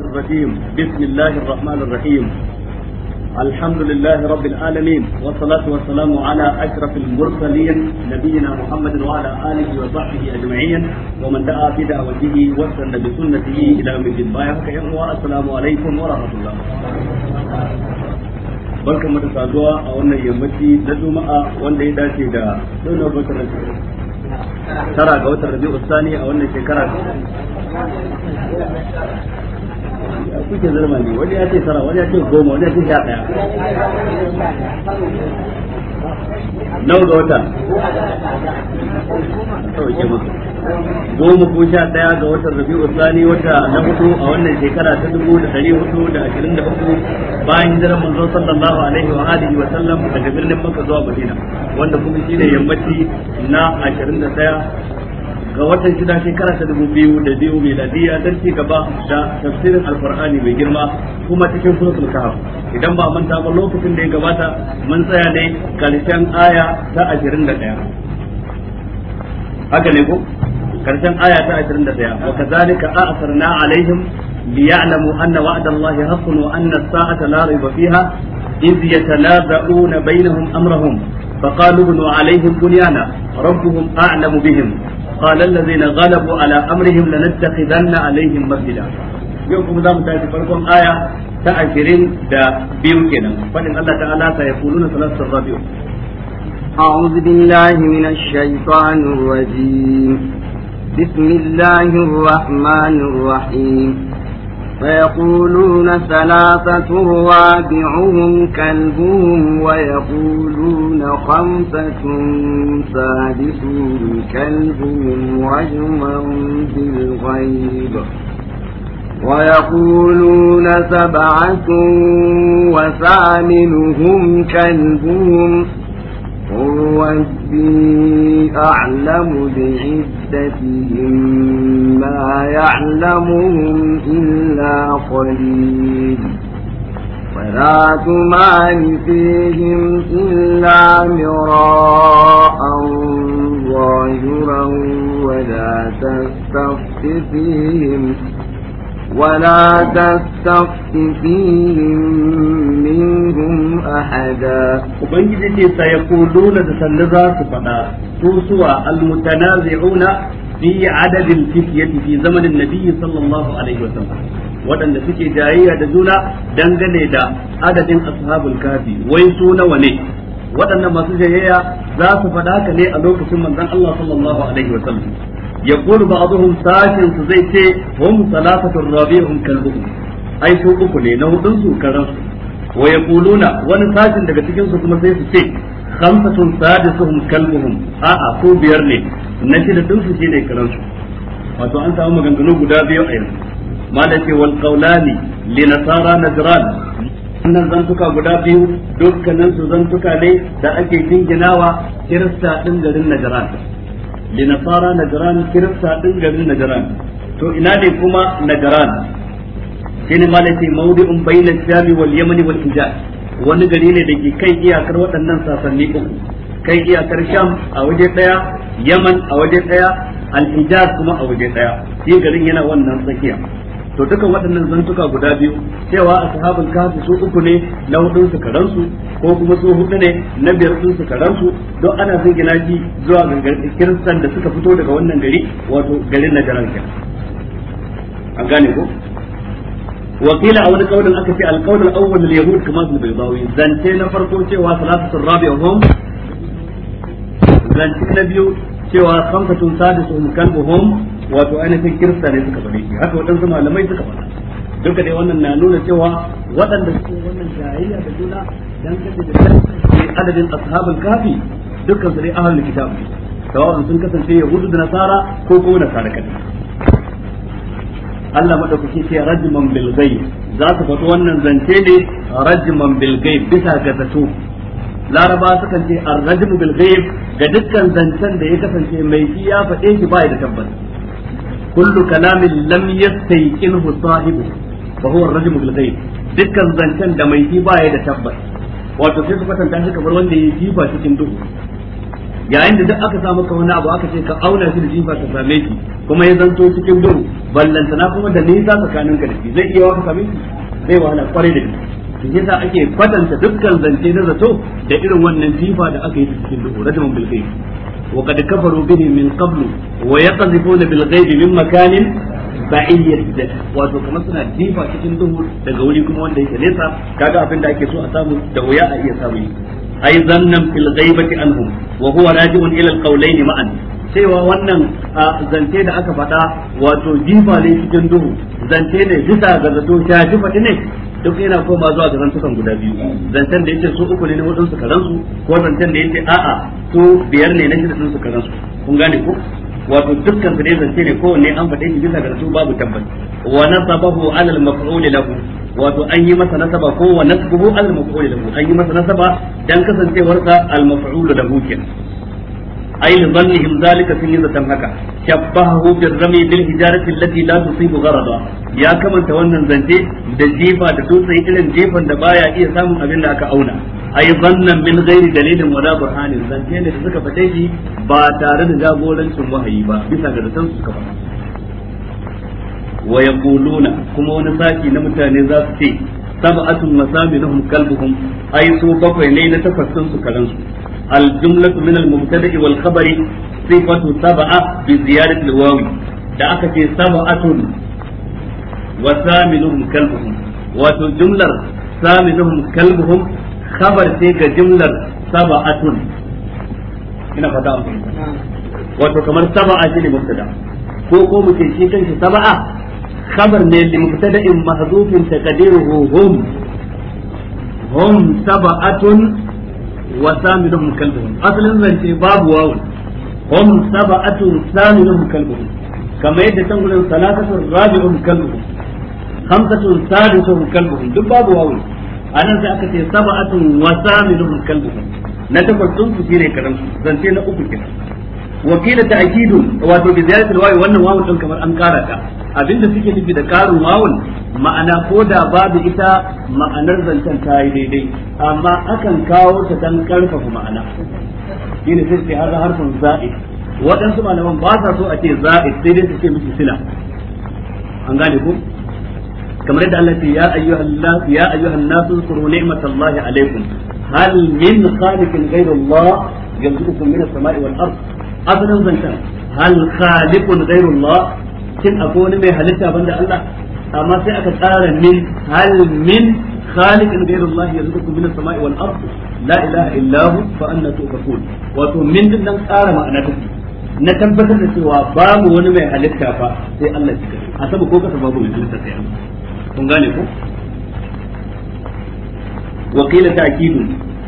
الرجيم بسم الله الرحمن الرحيم الحمد لله رب العالمين والصلاة والسلام على أشرف المرسلين نبينا محمد وعلى آله وصحبه أجمعين ومن دعا بدعوته وسن بسنته إلى يوم الدين السلام عليكم ورحمة الله barkan mu da saduwa a wannan yammaci na juma'a wanda ya dace da nuna bakar tara ga watan rabi'u sani a wannan shekara kuke zurma ne wani ya ce tara wani ya ce goma wani ya ce sha ɗaya nawa ga wata goma ko sha daya ga watan rabi usani wata na hudu a wannan shekara ta dubu da ɗari hudu da ashirin da hudu bayan jiran manzon sallallahu alaihi wa alihi wa sallam daga birnin maka zuwa madina wanda kuma shine yammaci na ashirin da daya ga watan shida shekara ta dubu biyu da biyu miladiya don ci gaba da tafsirin alkur'ani mai girma kuma cikin suratul kahf idan ba manta ba lokacin da ya gabata mun tsaya ne karshen aya ta ashirin da ɗaya haka ne ko karshen aya ta ashirin da ɗaya wa kazalika a'sarna alaihim ليعلموا أن وعد الله حق وأن الساعة لا ريب فيها إذ يتنازعون بينهم أمرهم فقالوا ابنوا عليهم بنيانا ربهم أعلم بهم qala allazina ghalabu ala amrihim lanattakhidanna alaihim masjida yau kuma zamu tashi farkon aya ta 20 da biyu kenan fadin Allah ta'ala sa yaquluna salatu rabiu أعوذ بالله من الشيطان الرجيم بسم الله الرحمن الرحيم فيقولون ثلاثة رابعهم كلبهم ويقولون خمسة سادسهم كلبهم رجما بالغيب ويقولون سبعة وثامنهم كلبهم قل ربي أعلم بعدتهم ما يعلمهم إلا قليل ولا تمال فيهم إلا مراء ظاهرا ولا تستفت فيهم ولا تستفت فيهم منهم أحدا وبنجد سيقولون تسلزا سفدا سوسوا المتنازعون في عدد الفتية في زمن النبي صلى الله عليه وسلم waɗanda suke jayayya da juna dangane da adadin ashabul kafi wai su nawa ne waɗannan masu jayayya za su faɗa ka ne a lokacin manzon Allah sallallahu alaihi wasallam yaqulu ba'dhum sashin su zai ce hum salafatun rabi'un kalbuhum ai su uku ne na hudun su karan su wa yaquluna wani sashin daga cikin su kuma sai su ce khamsatun sadisuhum kalbuhum a'a ko biyar ne na shida din su shine wato an maganganu guda biyu a yanzu malaka wal qawlani li nasara najran wannan zantuka guda biyu dukkanin su zantuka ne da ake jinginawa kirista din garin najran li nasara najran kirista din garin najran to ina ne kuma najran shine malaki mawdi'un bayna shami wal yamani wal hijaz wani gari ne da ke kai iyakar waɗannan sasanni uku kai iyakar sham a waje daya yaman a waje daya al hijaz kuma a waje daya shi garin yana wannan tsakiya to dukan waɗannan zantuka guda biyu cewa sahabin kafi su uku ne na hudun su karansu ko kuma su hudu ne na biyar sun su karansu don ana gina shi zuwa gangar kiristan da suka fito daga wannan gari wato garin najaran kenan an gane ko وقيل او قول اكفي القول الاول لليهود كما في البيضاوي na فرقوا cewa ثلاثه الرابع هم na biyu cewa خمسه سادسهم كلبهم wato ainihin kirista ne suka faɗe shi haka waɗansu malamai suka faɗa duka dai wannan na nuna cewa waɗanda suke wannan jayayya da juna dan kace da ne adadin ashabul kafi dukkan su dai ahlul kitab sawa'un sun kasance yahudu da nasara ko ko nasara kadai Allah madaukaki ce rajman bil ghaib za su faɗi wannan zance ne rajman bil ghaib bisa ga zato laraba sukan ce ar-rajmu bil ghaib ga dukkan zancen da ya kasance mai iya faɗe shi ba ya da tabbata كل كلام لم يستيقنه sahibu فهو الرجم بالغيب rajmu bil ghaib dukkan zancen da mai shi ya da tabbas wato sai su kwatanta shi kamar wanda ya jifa cikin duhu yayin da duk aka samu ka wani abu aka ce ka auna shi da jifa ka same shi kuma ya zanto cikin duhu ballanta na kuma da ne tsakanin ka ka dake zai iya waka same shi zai wahala kware da gaske yasa ake kwatanta dukkan zance na zato da irin wannan jifa da aka yi cikin duhu rajman bilkai وقد كفروا به من قبل ويقذفون بالغيب من مكان بعيد wato kamar suna difa cikin duhu daga wuri kuma wanda yake nesa kaga abin da ake so a samu da wuya a iya samu ai zannan fil ghaibati anhum wa huwa raji'un ila al-qawlayn ma'an cewa wannan zance da aka faɗa wato jifa ne cikin duhu zance ne bisa ga zato shafi faɗi ne duk yana koma zuwa ga zantukan guda biyu zancen da yace su uku ne na hudun su karan su ko zancen da yace a'a su biyar ne na shida sun su karan su kun gane ko wato dukkan su ne zance ne kowanne an faɗe shi bisa ga su babu tabbas wa nasabahu alal maf'ul lahu wato an yi masa nasaba ko wa nasbuhu alal maf'ul lahu an yi masa nasaba dan kasancewar sa al maf'ul lahu kenan ay li dhannihim zalika sun yi zaton haka shabbahu bil rami bil hijarati allati la tusibu gharada ya kamanta wannan zance da jifa da dutse irin jefan da baya iya samun abin da aka auna ay dhannan min ghairi dalilin wala burhanin zance ne da suka fade shi ba tare da jagorancin wahayi ba bisa ga zaton su suka faɗa wa yaquluna kuma wani saki na mutane za su ce sab'atun masaminhum kalbuhum ay su bakwai ne na tafassun su karansu الجملة من المبتدأ والخبر صفة سبعة بزيادة الواو da aka ce sab'atun wa saminuhum kalbuhum wato jumlar saminuhum kalbuhum khabar sai ga ina wato kamar sab'a shine mubtada ko ko mutum shi kanshi sab'a khabar ne li mubtada'in mahdhufin taqdiruhu hum hum sab'atun wa saminuhum kalbuhum asalin zance babu wawun hum sab'atu saminuhum kalbuhum kamar yadda can gurin salatatu rabi'uhum kalbuhum khamsatu sadisuhum kalbuhum duk babu wawun anan sai aka ce sab'atu wa saminuhum kalbuhum na takwas sun su shine karam zance na uku kenan wato bi ziyaratil wannan wawun din kamar an kara ta abinda suke nufi da karu mawul ma'ana ko da babu ita ma'anar zancen ta yi daidai amma akan kawo ta dan karfafa ma'ana shine sai sai har harfin za'id waɗansu malaman ba sa so a ce za'id sai dai su ce miki sila an gane ku kamar yadda Allah ya ayyuhan nas ya ayyuhan nas zkuru ni'matallahi alaikum hal min khaliqin ghayra Allah min as-sama'i wal ard asalan zancan hal khaliqun ghayra shin akwai wani mai halitta da Allah A amma sai aka tsara min hal min khaliqin ghayra Allah yarzuqukum min as-sama'i wal ard la ilaha illa hu fa anna wato min nan tsara ma'ana ta na tabbatar da cewa babu wani mai halitta fa sai Allah shi a sama ko kasa babu mai halitta sai Allah kun gane ko wa qila a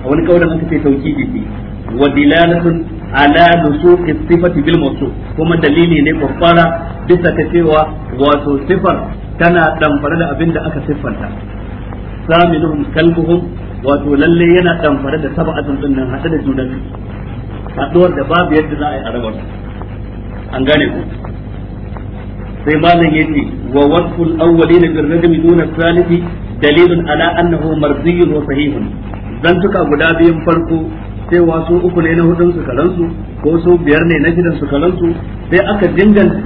wani kaulan aka ce tawkidi ce wa dilalatun ala nusuki sifati bil mawsu kuma dalili ne kwakwara bisa ta cewa wato sifar tana damfare da abin da aka siffanta saminuhum kalbuhum wato lalle yana damfare da sab'atun din nan hada da junan haduwar da babu yadda za a yi a rabar an gane ku sai malam yace wa wasful awwalina bil rajmi duna salifi dalilun ala annahu marziyun wa sahihun tuka guda biyun farko cewa wasu uku ne na hudun su ko su biyar ne na gidan su karansu sai aka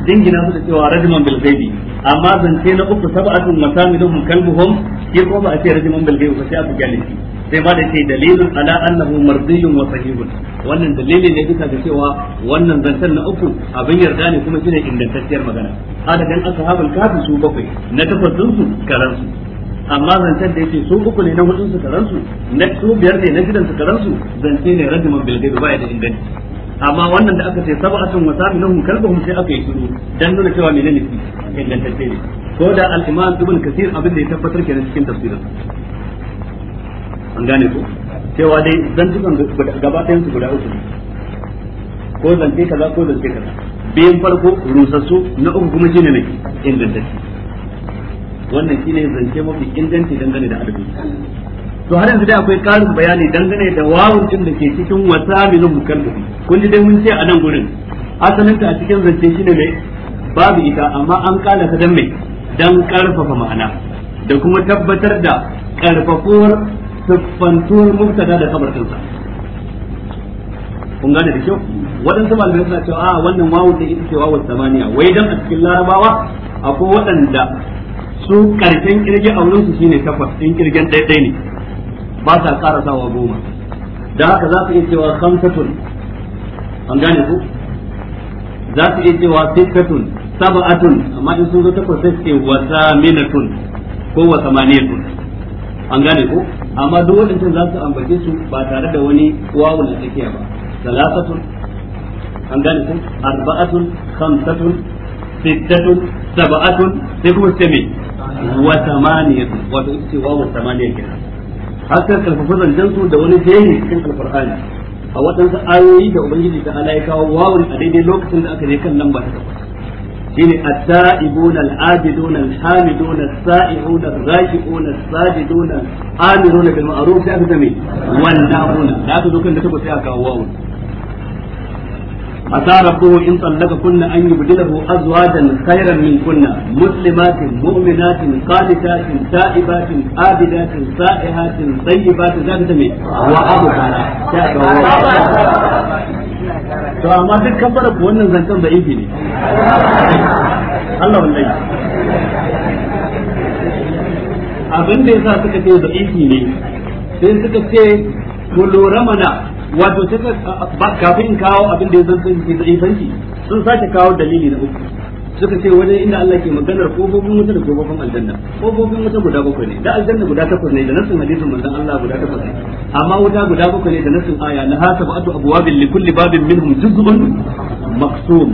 dingina su da cewa rajiman bil gaibi amma zance na uku sab'atun masamiluhum kalbuhum shi ko ba a ce rajiman bil gaibi ba sai aka gane sai ba da ce dalilin ala annahu mardiyun wa sahihun wannan dalili ne bisa ga cewa wannan zancen na uku abin yarda ne kuma shine ingantacciyar magana hada aka ashabul kafi su bakwai na tafaddun su karansu amma zancen da yake su uku ne na hudun su karansu na su biyar ne na gidan su karansu zance ne rajiman bilgai ba ya da inganci amma wannan da aka ce sab'atun wa saminuhum kalbuhum sai aka yi shiru dan nuna cewa menene ne ingantacce ne ko da al-imam ibn kasir abin da ya tabbatar kenan cikin tafsirin an gane ko cewa dai zantukan gaba ɗayan su guda uku ko zance kaza ko zance kaza biyan farko rusassu na uku kuma shine ne ingantacce wannan shine zance mafi inganci dangane da adabi to har yanzu dai akwai karin bayani dangane da wawun din da ke cikin wasamilul mukallafi kun ji dai mun ce a nan gurin asalin ta a cikin zance shine ne babu ita amma an kala ta dan mai dan karfafa ma'ana da kuma tabbatar da karfafuwar siffantuwar mubtada da kabar kansa kun gane da kyau waɗansu malamai suna cewa a wannan wawun da ita ce wawun samaniya wai dan a cikin larabawa akwai waɗanda su karshen kirge a su shine takwas in kirgen ɗaiɗai ne ba sa ƙara sawa goma da haka za su iya cewa khamsatun an gane ku za su iya cewa sittatun sab'atun amma in sun zo takwas sai ce wa saminatun ko wa samaniyatun an gane ku amma duk waɗancan za su ambace su ba tare da wani wawun da tsakiya ba salasatun an gane ku arba'atun khamsatun sittatun sab'atun sai kuma sami Wata samaniyatu wato ita ce wawu samaniya kenan haka karfafa zancen su da wani jeri cikin alqur'ani a waɗansu ayoyi da ubangiji ta ala ya kawo wawun a daidai lokacin da aka je kan lamba ta takwas shine at-ta'ibun al-abidun al-hamidun as-sa'ihun ar-raki'un as-sajidun amirun bil ma'ruf sai aka zame wal nahun da aka zo kan da takwas sai aka kawo wawun أتعرفه إن طلقكن أن يبدله أزواجا خيرا منكن مسلمات مؤمنات قانتات تائبات عابدات سائحات طيبات ذات وأبو to amma duk kan fara wannan zancen da ne Allah wallahi abin da yasa suka ce da ne sai suka ce ku lura mana wato kafin kawo abin da ya zan sanki sun sake kawo dalili na uku suka ce wajen inda Allah ke maganar kofofin wuta da kofofin aljanna kofofin wuta guda bakwai ne da aljanna guda takwas ne da nassin hadisin manzon Allah guda takwas ne amma wuta guda bakwai ne da nassin aya la hasabatu abwabin li kulli babin minhum juz'un maqsum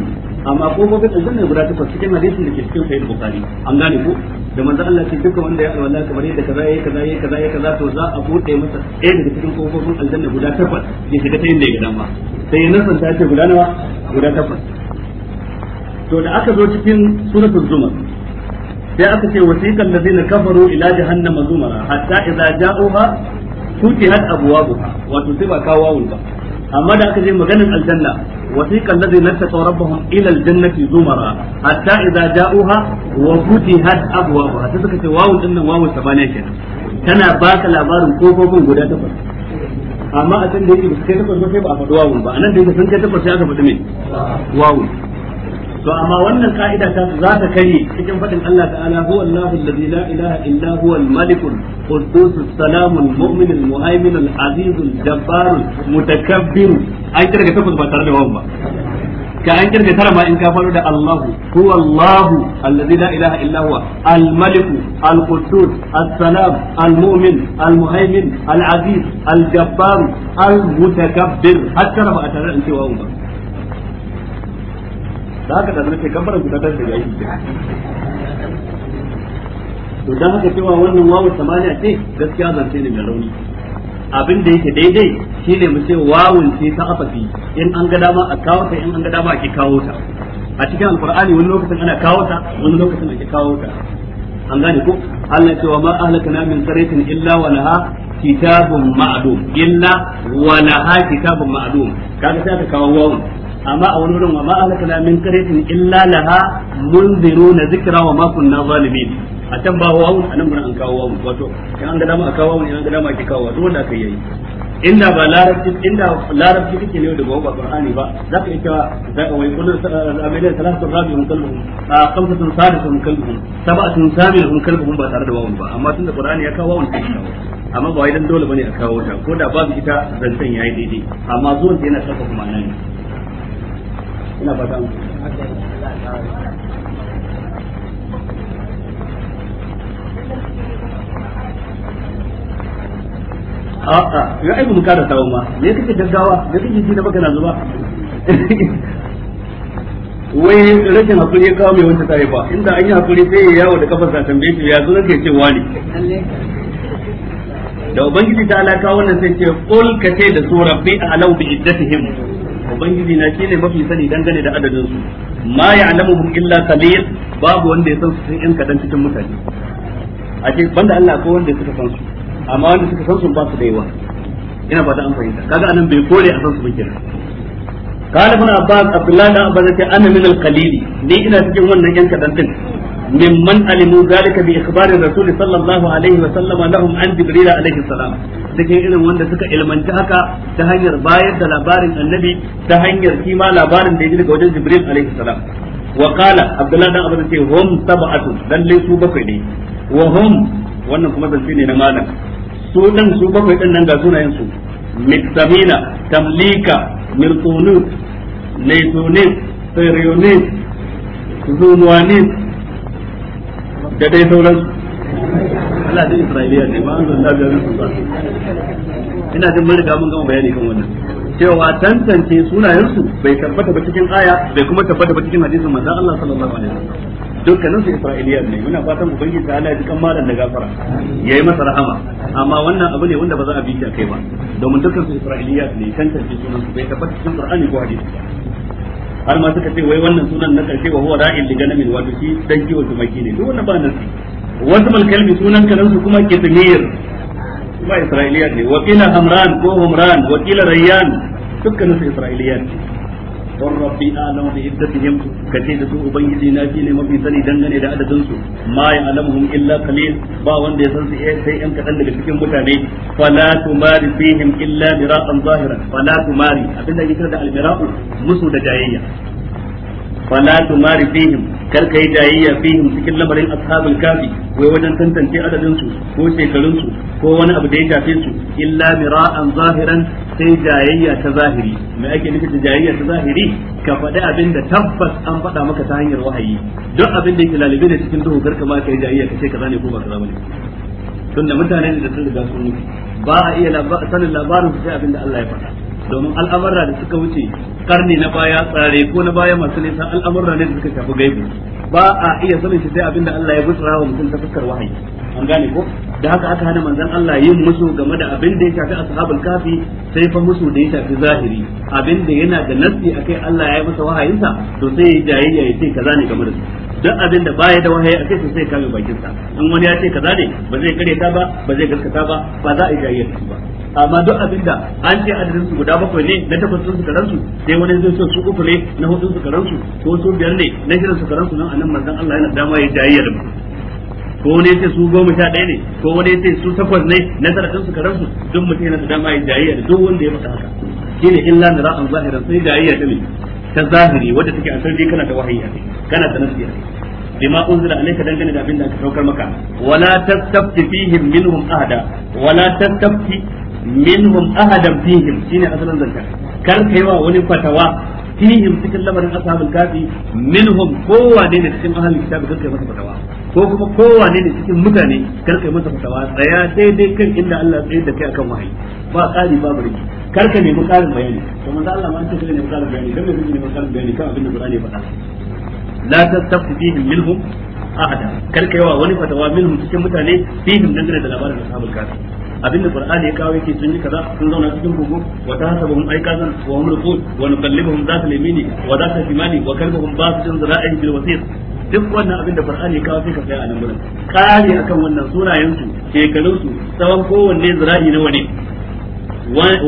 amma kofofin aljanna guda takwas cikin hadisin da ke cikin sahih bukhari an gane ko da manzo Allah ce duka wanda ya alwala kamar yadda kaza yayi kaza yayi kaza yayi kaza to za a bude masa ɗaya daga cikin kofofin aljanna guda takwas ya shiga ta yadda ya gidan ba. sai ya ta ce guda nawa guda takwas to da aka zo cikin suratul zumar sai aka ce wasiqal ladina kafaru ila jahannama zumara hatta idza ja'uha futihat abwabuha wato sai ba kawo wawun ba amma da aka je maganar aljanna wasiqa allazina taqaw rabbahum ila aljannati zumara hatta idza ja'uha wa futihat abwabuha ta suka ce wawu din nan wawu sabaniya kenan tana baka labarin kofofin guda takwas amma a can da yake ba sai takwas ba sai ba a faɗi wawun ba anan da yake sun kai takwas sai aka faɗi me wawun to amma wannan ka'ida ta za ta kare cikin fadin Allah ta'ala huwa Allahu allazi la ilaha illa huwa al-malik al-qudus as-salam al-mu'min al-muhaymin al-aziz mutakabbir ai kirga takwas ba tare da wawan ba ka an kirga tara ma in ka faro da Allahu huwa Allahu allazi la ilaha illa huwa al-malik al-qudus as-salam al-mu'min al-muhaymin al-aziz al-jabbar al-mutakabbir har ba tare da wawan ba da haka da ke kamfanin guda ta yayi aiki to dan haka cewa wannan wawu samaniya ce gaskiya zance ne mai rauni abin da yake daidai shine mu ce wawun ce ta afafi in an ga dama a kawo ta in an ga dama a ki kawo ta a cikin alqur'ani wani lokacin ana kawo ta wani lokacin ake kawo ta an gane ko Allah cewa ma ahlakana min qaryatin illa wa laha kitabun ma'lum illa wa laha kitabun ma'lum kaga sai ka kawo wawun amma a wani wurin wa ma ahlakna min qaryatin illa laha na zikira wa makon na zalimin a can ba wawu a nan gurin an kawo wawu wato in an ga dama a kawo wawu in an ga dama ke kawo wato wanda aka yi inda ba larabci inda larabci kake ne da ba qur'ani ba za ka ita za ka wai kullu amina salatu rabi'un kalbuhum a khamsatun sadisuhum kalbuhum sab'atun saminuhum kalbuhum ba tare da wawu ba amma tunda qur'ani ya kawo wawu sai kawo amma ba wai dan dole bane a kawo ta ko da babu ita zancen yayi daidai amma zuwan yana saka kuma nan ina fata mu a'a ya aiki mu kada tawo ma me kake gaggawa me kake ji na baka na zuba wai rashin hakuri ya kawo mai wancan tare ba inda an yi hakuri sai ya yawo da kafar tambaye shi ya zo nake ce wani da ubangiji ta alaka wannan sai ce ka kace da su rabbi a'lamu bi iddatihim ubangiji na shine mafi sani dangane da adadin su ma ya'lamuhum illa qalil babu wanda ya san su sai yan kadan cikin mutane a ce banda Allah ko wanda suka san su amma wanda suka san su ba su da yawa ina ba da an fahimta kaga anan bai kore a san su bikin kana قال ابن Abdullahi عبد الله ce ana min al-qalili ni ina cikin wannan yan kadan din mimman alimu zalika bi ikhbarin rasul sallallahu alaihi wa sallama lahum an jibril alaihi salam cikin irin wanda suka ilmanta haka ta hanyar bayar da labarin annabi ta hanyar kima labarin da ya ji daga wajen jibril alaihi salam wa qala abdullah dan abu ce hum sab'atu dan lai su bakwai ne wa hum wannan kuma zance ne na malam su dan su bakwai din nan ga sunayen su miktamina tamlika mirtunut laytunut siriyunut zunwanut da dai sauransu Allah da Isra'iliya ne ba an zanta biyar su ina jin mun riga mun gama bayani kan wannan cewa tantance sunayensu bai tabbata ba cikin aya bai kuma tabbata ba cikin hadisin manzon Allah sallallahu alaihi wasallam dukkanin su Isra'iliya ne muna fatan ubangiji ta Allah ya jikan malam da gafara yayi masa rahama amma wannan abu ne wanda ba za a bi shi kai ba domin dukkan su Isra'iliya ne tantance sunan su bai tabbata cikin Qur'ani ko hadisi har ma suka ce wai wannan sunan na karshe wa huwa ra'il li ganamin wato shi dan kiwo tumaki ne duk wannan ba nasi wasu malkalmi sunan karan su kuma kitmir kuma isra'iliya ne wa kila hamran ko humran wa kila rayyan dukkan su isra'iliya ne war rabbi a'lamu ubangiji na fi ne mafi sani dangane da adadin su ma ya'lamuhum illa qalil wanda ya san su eh, sai yan kadan daga cikin mutane fala tumari fihim zahiran abinda da almira'u musu da fala tumari fihim kar yi jayayya fihim cikin lamarin ashabul kafi wai wajen tantance adadin su ko shekarun ko wani abu da ya shafe su illa mira'an zahiran sai jayayya ta zahiri me ake nufi da jayayya ta zahiri ka faɗi abin tabbas an faɗa maka ta hanyar wahayi duk abin da yake lalibe da cikin duhu kar ka ma kai jayayya ka ce kaza ne ko ba kaza ne mutane da mutu ba a iya sanin labarin su sai abin da Allah ya faɗa domin al'amurra da suka wuce karni na baya tsare ko na baya masu nisa al'amurra ne da suka shafi gaibu ba a iya sanin shi sai abinda Allah ya gutsura wa mutum ta fuskar wahayi an gane ko da haka aka hana manzon Allah yin musu game da abin da ya shafi ashabul kafi sai fa musu da ya shafi zahiri abin da yana da nasi akai Allah ya yi masa wahayinsa to sai ya jayayya ya ce kaza ne game da su duk abin da baya da wahayi akai sai sai kame bakin sa in wani ya ce kaza ne ba zai kare ta ba ba zai gaskata ba ba za a yi jayyar ba amma duk abinda an ce adadin su guda bakwai ne na takwas sun sukaran su sai wani zai ce su uku ne na hudu sukaran su ko su biyar ne na shirin sukaran su nan anan manzon Allah yana dama ya jayi da mu ko wani ya ce su goma sha ɗaya ne ko wani ya ce su takwas ne na su sukaran su duk mutum yana da dama ya jayi da duk wanda ya masa haka ne illa da ra'an zahiran sai jayi ta ne ta zahiri wadda take a sarki kana da wahayi kana da nasiya bima unzila alayka dangane da abin da aka saukar maka wala tastafti fihim minhum ahada wala minhum ahadan fihim shine asalin zanka kar kaiwa wani fatawa fihim cikin lamarin ashabul kafi minhum kowane ne cikin ahlul kitab kar kai masa fatawa ko kuma kowane ne cikin mutane kar kai masa fatawa tsaya daidai kan inda Allah ya da kai akan wahayi ba kali ba bari kar ka nemi karin bayani to manzo Allah ma ce ne karin bayani dan ne nemi karin bayani kan abin da Qur'ani ya faɗa la tastafti fihim minhum ahada kar kaiwa wani fatawa minhum cikin mutane fihim dangane da labarin ashabul kafi abinda qur'ani ya kawo yake sun yi kaza sun zauna cikin kogo wa ta tahasabuhum aykazan wa hum ruqud wa nuqallibuhum zata limini wa zata shimali wa kalbuhum basidun zira'in bil wasit duk wannan abinda qur'ani ya kawo sai ka tsaya a nan gurin kare akan wannan sunayen su shekarun su tsawon kowanne zira'i na wani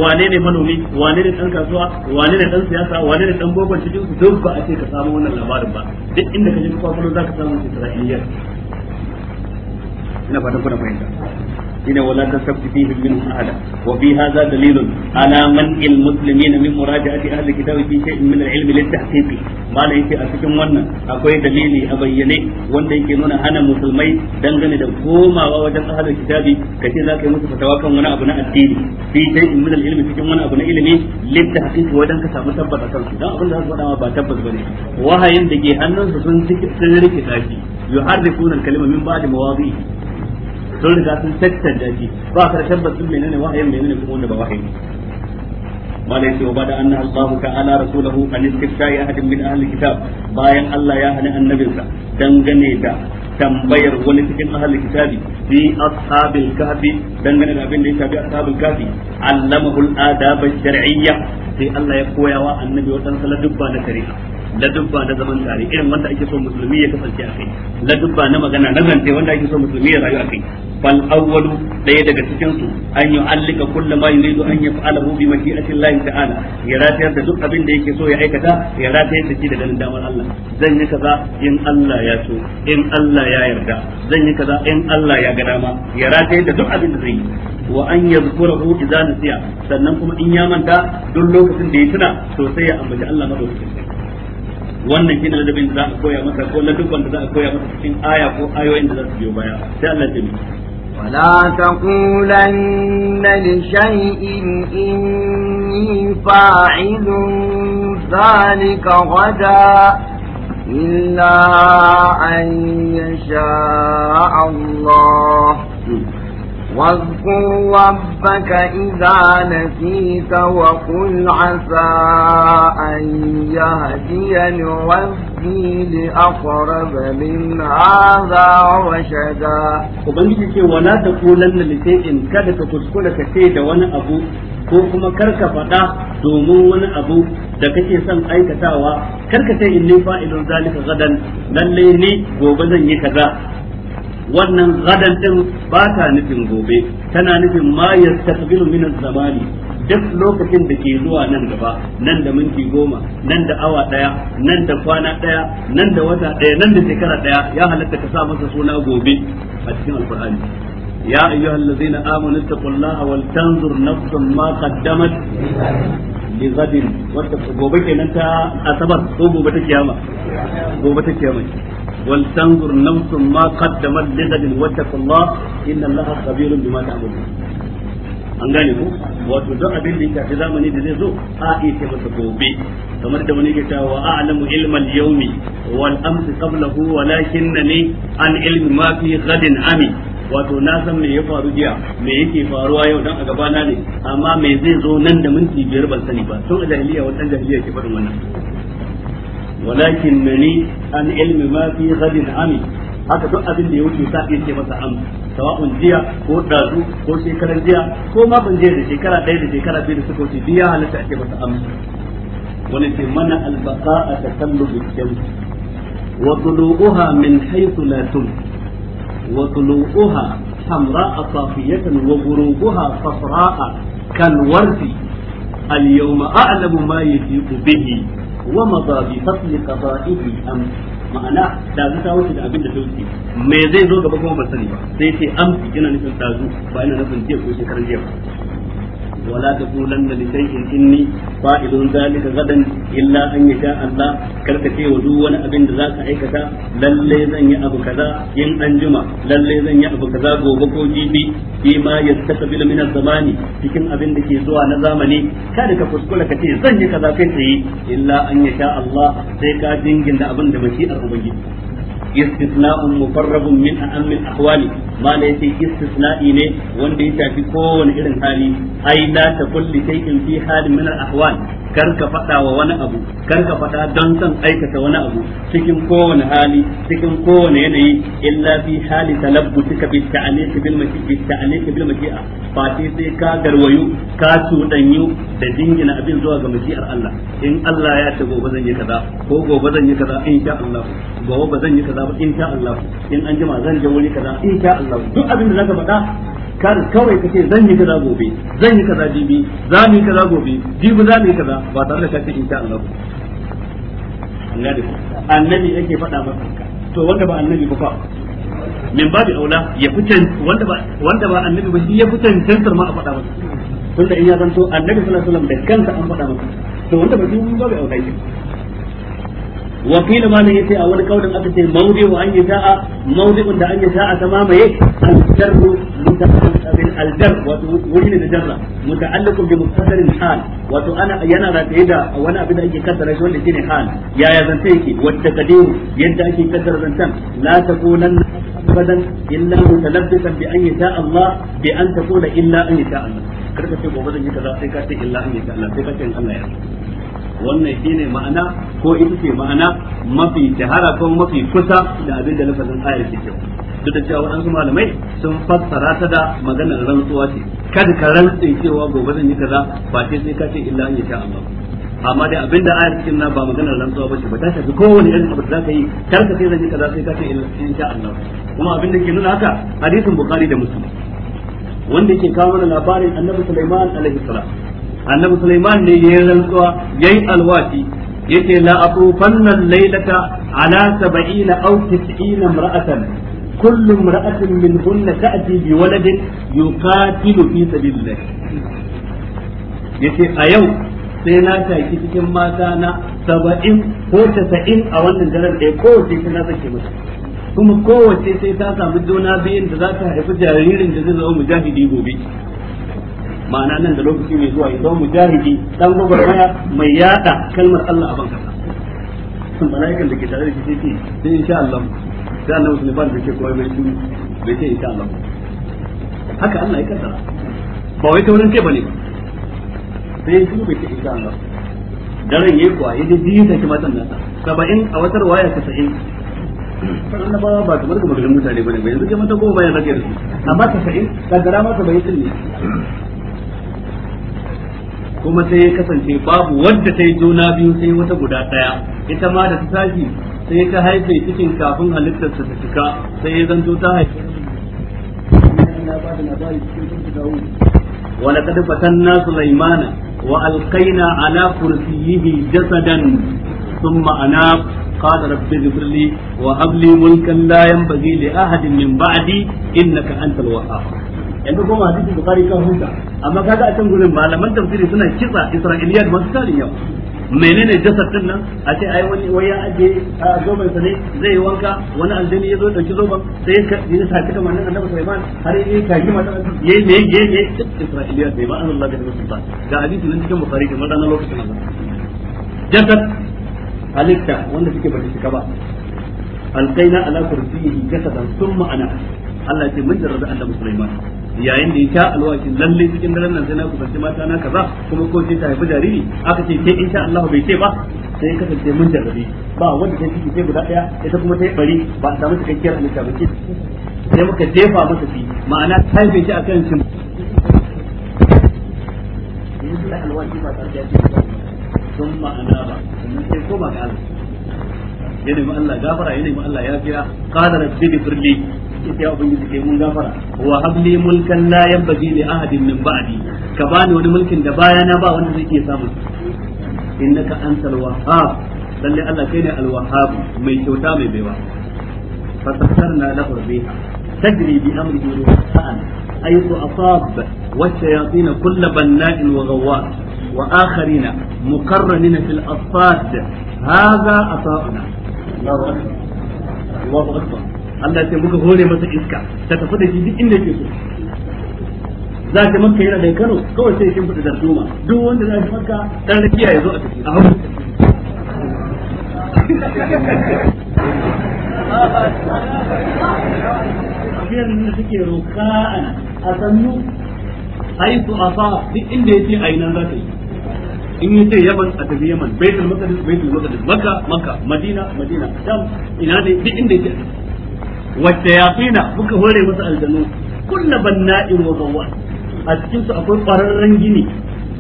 wane ne manomi wane ne dan kasuwa wane ne dan siyasa wane ne dan gogon cikin su duk ba a ce ka samu wannan labarin ba duk inda ka je kwakwalo za ka samu Isra'iliyar ina fatan kuna fahimta shine wala tasabbi fihi minhum ahada wa fi hadha dalilun ala man al muslimin min muraja'ati ahli kitabi fi shay'in min al ilmi lit tahqiq mala yake a cikin wannan akwai dalili a bayyane wanda yake nuna hana musulmai dangane da komawa wajen ahli kitabi kace za ka musu fatawa kan wani abu na addini fi shay'in min al ilmi cikin wani abu na ilimi lit tahqiq wajen ka samu tabbata kansu dan da ba bane wahayin da ke hannunsu sun sun rike tashi yuharrifuna al kalima min ba'di mawadi'i sun riga sun tattanta shi ba ka tabbas din menene wahayin menene kuma wanda ba wahayi malai ce ba da anna Allah ta'ala rasulahu an istifta ya hadin min ahli kitab bayan Allah ya hana annabinsa dangane da tambayar wani cikin ahli kitabi fi ashabil kahfi dangane da abin da ya shafi ashabil kahfi allamahu al-adab shariyya sai Allah ya koya wa annabi wadansa ladubba na shari'a la dubba da zaman tare irin wanda ake so musulmi ya kasance a kai la dubba na magana na zance wanda ake so musulmi ya rayu a kai fal awwalu daya daga cikin su an yu'allika kullu ma yuridu an yaf'alahu bi mashi'ati Allah ta'ala ya ratayar da duk abin da yake so ya aikata ya ratayar da shi da ganin damar Allah zan yi kaza in Allah ya so in Allah ya yarda zan yi kaza in Allah ya ga dama ya ratayar da duk abin da zai yi wa an yadhkurahu idza nasiya sannan kuma in ya manta duk lokacin da ya tuna to sai ya ambaci Allah madaukakin sarki wannan shine ladabin da za a koya masa ko ladabin da za a koya masa cikin aya ko ayoyin da za su biyo baya sai Allah ya ولا تقولن لشيء إني فاعل ذلك غدا إلا أن يشاء الله واذكر ربك إذا نسيت وقل عسى أن يهديني ربي لأقرب من هذا رشدا وبنجي ولا تقولن لشيء كذا تقول كيدا وانا أبو ko kuma karka faɗa domin wani abu da kake son aikatawa karka ce in nufa ilon zalika gadan lalle ne gobe zan yi kaza wannan gadan din ba ta nufin gobe tana nufin ma yastaqbilu min zamani duk lokacin da ke zuwa nan gaba nan da minti goma nan da awa daya nan da kwana daya nan da wata daya nan da shekara daya ya halatta ka sa masa suna gobe a cikin alqur'ani ya ayyuhal ladzina amanu taqullaha wal tanzur nafsun ma qaddamat li ghadin wata gobe kenan ta asabar ko gobe ta kiyama gobe ta kiyama ولتنظر نفس ما قدمت لغد واتقوا الله ان الله خبير بما تعملون an gane ko wato duk abin da ya shafi zamani da zai zo a iya ce masa gobe kamar da wani ke cewa wa a'lamu ilmal yawmi wal amsi qablahu ni an ilmi ma fi ghadin ami wato na san me ya faru jiya me yake faruwa yau dan a gabana ne amma me zai zo nan da minti biyar ban sani ba tun a jahiliya wannan jahiliya ke faɗin wannan walakin nani an ilmi ma fi ghadin ami haka duk abin da ya wuce sa iya ce masa am sawa'un jiya ko dazu ko shekarar jiya ko ma ban jiya da shekara ɗaya da shekara biyu da suka wuce biya halatta ake masa am wani ce mana albaqa'a takallubu shams wa tulu'uha min haythu la tum wa tulu'uha hamra'a safiyatan wa ghurubuha safra'a kal wardi al yawma a'lamu ma yatiqu bihi wa maza bi fasli qada'ihi am ma'ana da ta wuce da abin da ta wuce me zai zo gaba kuma ban sani ba sai ce amsi yana nufin tazu ba yana nufin jiya ko shekaran jiya ba ولا تقولن لشيء إني فاعل ذلك غدا إلا أن يشاء الله كركتي ودون أبن ذاك عيكتا للي زن أبو كذا إن أنجما للي زن أبو كذا غوبكو جيبي فيما يستقبل من الزمان cikin abin da ke zuwa na zamani kada ka kuskura ka ce zan yi kaza kai tsaye illa an yasha Allah sai ka dingin da abin da bashi a ubangiji istisna'un mufarrabun min a'ammin ahwali ma da istisna'i ne wanda ya shafi kowane irin hali ai ta kulli shay'in fi halin ahwal kar ka faɗa wa wani abu kar ka faɗa don san aikata wani abu cikin kowane hali cikin kowane yanayi illa fi hali talabbutika bi ta'anis bil mashi bi ta'anis bil mashi'a fa sai ka garwayu ka tudanyu da dingina abin zuwa ga mashi'ar Allah in Allah ya ce gobe zan yi kaza ko gobe zan yi kaza in sha Allah gobe ba zan yi kaza ba in sha Allah in an jima zan je wuri kaza in sha Allah duk abin da zaka faɗa kan kawai kace zan yi kaza gobe zan yi kaza jibi za mu yi kaza gobe jibi za mu yi kaza ba tare da kace insha Allah annabi yake faɗa maka to wanda ba annabi ba fa min babi aula ya fitan wanda ba wanda ba annabi ba shi ya fitan tantar ma a faɗa masa tunda in ya zanto annabi sallallahu alaihi wasallam da kansa an faɗa masa to wanda ba shi ba babi aula yake wa qila ma a wani kaulin aka ce mawdi'u an yata'a mawdi'un da an yata'a ta mamaye al-jarru mutaqabbil al wato wuri da jarra muta'alliqun bi muqaddarin hal wato ana yana rataye da wani abin da ake kaddara shi wanda shine hal yaya zance yake wata kadiru yadda ake kaddara zantan la takunan abadan illa mutalabbisan bi an yata'a Allah bi an takuna illa an yata'a Allah sai ka ce illa Allah sai ka ce wannan shi ne ma'ana ko ita ce ma'ana mafi shahara ko mafi kusa da abin da lafazin ayar ke kyau duk da cewa waɗansu malamai sun fassara ta da maganar rantsuwa ce kada ka rantsi cewa gobe zan yi kaza ba ce sai ka ce illa an yasha Allah amma dai abin da ayar cikin nan ba maganar rantsuwa ba ce ba ta shafi kowane irin abu da ka yi kar ka sai zan yi kaza sai ka ce an insha Allah kuma abin da ke nuna haka hadisin bukari da muslim wanda yake kawo mana labarin annabi sulaiman alaihi salam annabi Sulaiman ne ya yayin rantsuwa yayin alwati yace la atufanna laylata ala sab'ina aw 90 imra'atan kullu imra'atin minhunna ta'ti bi waladin yuqatilu fi sabilillah yace a yau sai na taki cikin mata na saba'in ko tasa'in a wannan daren ɗaya kowace ta na sake musu kuma kowace sai ta samu juna biyun da za ta haifi jaririn da zai zama mujahidi gobe ma'ana nan da lokaci mai zuwa ya zama mujahidi dan maya mai yada kalmar Allah a ban kasa sun mala'ikan da ke tare da shi sai sai insha Allah sai Allah musulmi ba da ke koyi mai shi bai ce insha Allah haka Allah ya kaddara ba wai ta wurin ke bane sai shi bai ce insha Allah daren yayi kuwa yaji biyu da kuma tan nasa 70 a watar waya 90 kan annabawa ba kamar ga maganin mutane bane ba yanzu ke mata goma bayan rage da su amma gara mata ma sun ne kuma sai ya kasance babu wadda ta yi juna biyu sai wata guda ɗaya ita ma da ta tashi sai ta haife cikin kafin halittar ta cika sai ya zanto ta haife wa laqad fatanna sulaymana wa alqayna ala kursiyyihi jasadan thumma ana qala rabbi zidni wa habli mulkan la yanbaghi li ahadin min in innaka antal wahhab yanzu kuma cikin bukari kan huta amma kaga a can gurin malaman tafsiri suna kitsa isra'iliyat masu tarin yau menene jasad din nan a ce ai wani waya ya aje a zoben sa ne zai yi wanka wani aljani ya zo dauki zoben sai ka yi sa kika manzon annabi Sulaiman har yi ka yi mata ne ne ne me Isra'iliya bai ba Allah ga ba ga hadisi nan cikin bukari da madana lokacin nan jasad halitta wanda suke bata shika ba alqaina ala kursiyihi jasadan thumma ana Allah ce mun jarrabi annabi Sulaiman yayin da ya sha alwashin lalle cikin daren nan sai na kusanci mata na kaza kuma ko sai ta haifi jariri aka ce sai insha Allah bai ce ba sai kasance mun jarrabi ba wanda ta ciki sai guda daya ita kuma ta yi bari ba ta samu cikakkiyar halitta ba ce sai muka jefa masa fi ma'ana ta haife shi akan shi sun ma'ana ba sannan sai ba ga Allah ya mu Allah gafara ya mu Allah yafiya fiya qala rabbi firli suke ya ubangiji kai mun gafara wa habli mulkan la yanbaghi li ahadin min ba'di ka bani wani mulkin da baya na ba wanda zai iya samu innaka antal wahhab lalle Allah kai ne al wahhab mai kyauta mai baiwa fasakkarna lahu biha tajri bi amrihi ruhan ayyu asab wa shayatin kull banna'in wa ghawwas wa akharina muqarranina fil asfad hadha asabuna Allahu akbar Allahu akbar Allah ya ce muka hore masa iska ta tafi da shi duk inda yake so za ta makka yana da Kano kawai sai shi kin fita duma. duk wanda za ta makka dan rakiya ya zo a tafi a hawo Shirin da suke roka'an a sannu haitu a fa duk inda yake a yi nan za ta yi in yi ce yaman a tafi yaman baitul maqdis baitul maqdis makka makka madina madina dam ina ne duk inda yake a tafi wacce yaqina muka hore musu aljanu kullu banna'in wa bawwa a cikin akwai kwararren gini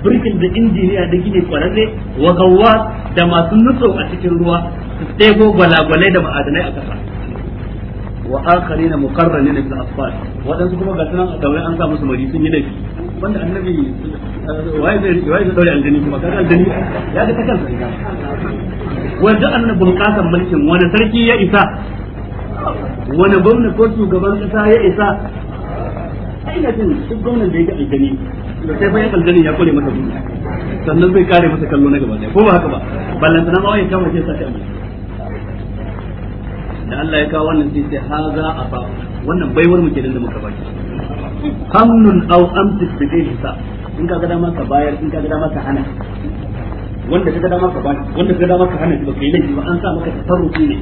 birkin da injiniya da gini kwararre wa gawwa da masu nutso a cikin ruwa su tsego gwalagwalai da ma'adanai a kasa wa akharina muqarranina fil asfar wadansu kuma ga a daure an sa musu sun yi dafi wanda ta wanda mulkin wani sarki ya isa wani gwamna ko shugaban kasa ya isa ai na jin duk gwamnan da yake aljani sai bayan aljani ya kore masa duniya sannan zai kare masa kallo na gaba ko ba haka ba ballanta na mawai kan sa sashi amma da Allah ya kawo wannan sai sai haza afa wannan baiwar mu kenan da muka baki hamnun aw amsik bi dai in ka ga dama ka bayar in ka ga dama ka hana wanda ka ga dama ka bayar wanda ka ga dama ka hana ba kai laifi ba an sa maka tasarrufi ne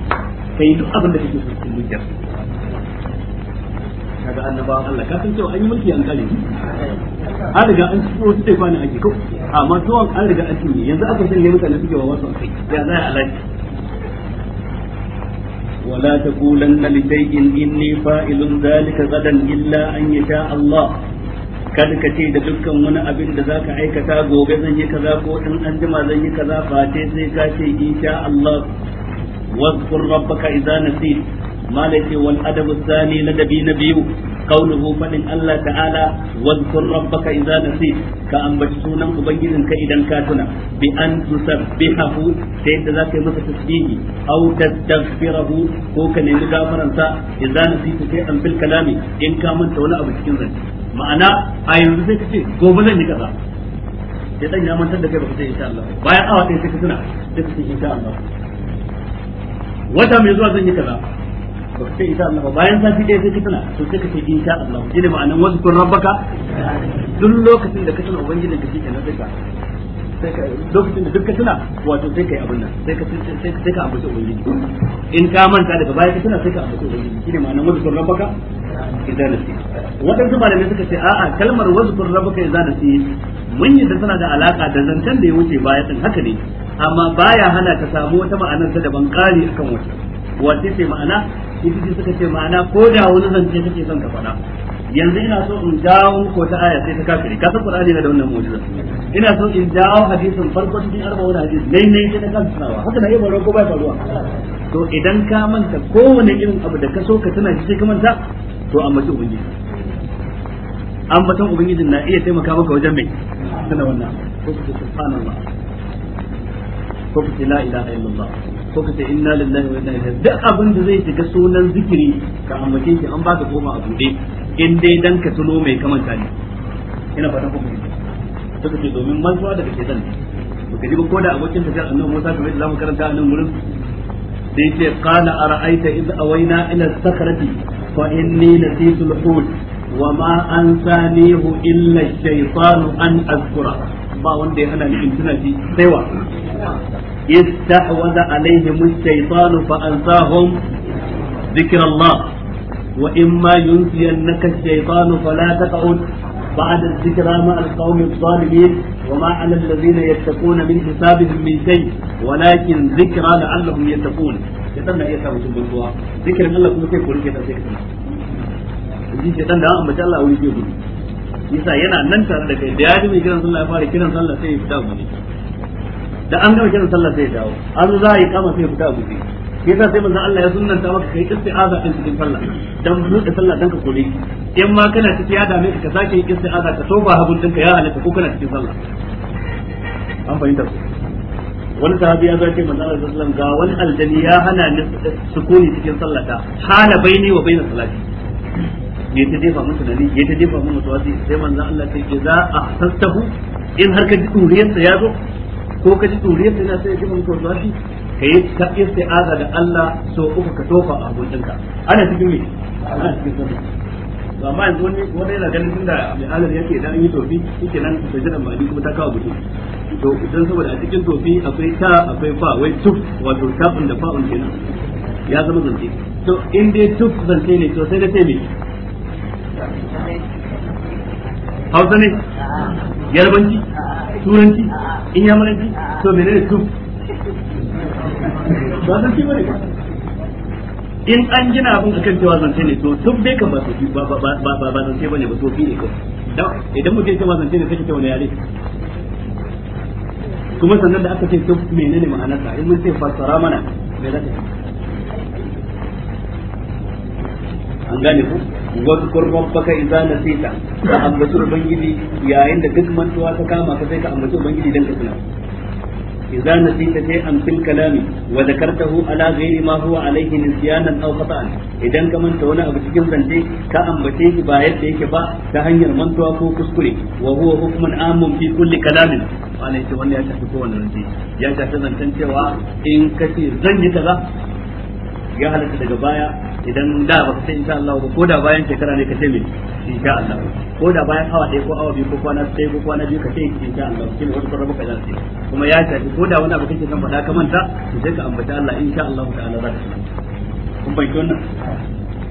kai duk abin da kake so cikin zuciyar kaga annabawan Allah ka san cewa an yi mulki an kare an riga an tsoro su dai bani ake ko amma zuwan an riga an tsoro yanzu aka san ne mutane suke wa wasu kai. ya za a alaji ولا تقولن لشيء إني فاعل ذلك غدا إلا أن يشاء الله kada ka ce da dukkan wani abin da za ka aikata gobe zan yi kaza ko in an zan yi kaza ba insha Allah واذكر ربك إذا نسيت ما ليس والأدب الثاني لدبي نبي قوله فإن الله تعالى واذكر ربك إذا نسيت كأن بجسونا أبينك إذا كاتنا بأن تسبحه سيد ذاك مس تسبيه أو تستغفره هو كان يغفر أنت إذا نسيت شيئا بالكلام إن كان تولى أبو سكين ma'ana a yanzu sai ka ce gobe zan yi kaza sai dan ya mantar da kai baka ce insha Allah bayan awa sai ka tuna sai ka ce insha Allah wata mai zuwa zan yi kaza ba sai insha Allah bayan zafi dai sai kitana to sai ka ce insha Allah shine ma'anan wasu kun rabbaka duk lokacin da ka tuna ubangijin ka kike na sai ka lokacin da duk ka tuna wato sai kai abin nan sai ka sai ka sai ka ambaci ubangiji in ka manta daga baya ka tuna sai ka ambaci ubangiji shine anan wasu kun rabbaka idan nasi wadansu malamai suka ce a'a kalmar wasu kun rabbaka idan nasi mun yi da tana da alaka da zancen da ya wuce baya din haka ne amma baya hana ka samu wata ma'anar ta daban kari akan wata wace ce ma'ana ita ce suka ce ma'ana ko da wani zance take son ka faɗa yanzu ina so in dawo ko ta aya sai ta kafiri ka san qur'ani na da wannan mu'jiza ina so in dawo hadisin farko cikin arba wani hadisi nai nai sai na kan tunawa haka na yi baro ko bai faruwa to idan ka manta kowane irin abu da ka so ka tana shi sai ka manta to amma ci ubangiji ambaton ubangijin na iya taimaka maka wajen mai sana wannan ko subhanallah ko ka ce la ilaha illallah ko ka ce inna lillahi wa inna ilaihi duk abin da zai shiga sunan zikiri ka ambace shi an baka koma a bude in dai dan ka tuno mai kamar ne ina fatan ku fahimta suka ce domin mantuwa daga shedan baka ji ba ko da abokin tafiyar annabi Musa kamar yadda zamu karanta a nan gurin da yace qala ara'aita id awayna ila sakhrati fa inni nasitu al-hut wa ma ansanihu illa ash-shaytanu an azkura ba wanda ya hana ni in tuna shi sai wa استحوذ عليهم الشيطان فأنساهم ذكر الله وإما ينسينك الشيطان فلا تقعد بعد الذكرى مع القوم الظالمين وما على الذين يتقون من حسابهم من شيء ولكن ذكرى لعلهم يتقون يتم أن يتعبوا سبحانه ذكر الله كما كيف يقول كيف ji ce dan da an bace Allah wuri ke gudu yasa yana nan tare da kai da ya ji mai kiran sallah ya fara kiran sallah sai ya fita gudu da an gama kiran sallah sai ya dawo an za a yi kama sai ya fita a guje yasa sai manzon Allah ya sunnanta maka kai isti'aza a cikin sallah dan buɗe sallah dan ka kore in ma kana cikin ya dame ka sake yin isti'aza ka toba hagun ɗinka ya halatta ko kana cikin sallah an fahimta ku wani sahabi ya zace manzon Allah sallallahu alaihi wasallam ga wani aljani ya hana ni sukuni cikin sallata hala baini wa baina salati ya ta jefa mun tunani ya ta jefa mun mutuwasi sai manzon Allah ya ce za a hasastahu in har ka ji duriyarsa ya zo ko ka ji duriyar sai na sai ji mun tawafi ka yi ta isti'aza da Allah so uku ka tofa a abokinka ana cikin me ana cikin sallah to amma yanzu wani wani yana ganin tunda mai halar yake da an yi tofi yake nan ta jiran mali kuma ta kawo gudu to idan saboda a cikin tofi akwai ta akwai fa wai tuf wato tafin da fa'un kenan ya zama zance to in dai tuf zance ne to sai da sai me hausa ne yarbanci turanci inyamuranci to menene su ba zan ci bane in an gina abin kan cewa zance ne to tun bai kan ba sofi ba ba ba ba zance bane ba sofi ne kawai idan mutum ya ce ba zance ne sai kyau wani yare kuma sannan da aka ce tun menene ma'anarsa in mun ce fassara mana mai zata an gane ku wadkur rabbaka idza nasita ka ambaci ubangiji yayin da duk mantuwa ta kama ka sai ka ambaci ubangiji dan ka tuna idza nasita an fil kalami wa dhakartahu ala ghairi ma huwa alayhi nisyanan aw khata'an idan ka manta wani abu cikin zance ka ambace shi ba yadda yake ba ta hanyar mantuwa ko kuskure wa huwa hukmun amun fi kulli kalamin ana wannan ya tafi kowanne zance ya tafi zancen cewa in kace zan yi kaza ya halatta daga baya idan da ba sai insha Allah ko da bayan shekara ne ka ce min insha Allah ko da bayan awa ɗaya ko awa biyu ko kwana ɗaya ko kwana biyu ka ce insha Allah kin wata sarrafa ka zance kuma ya tafi ko da wani abu kake san faɗa ka manta to sai ka ambata Allah insha Allah ta'ala za ka kun bai wannan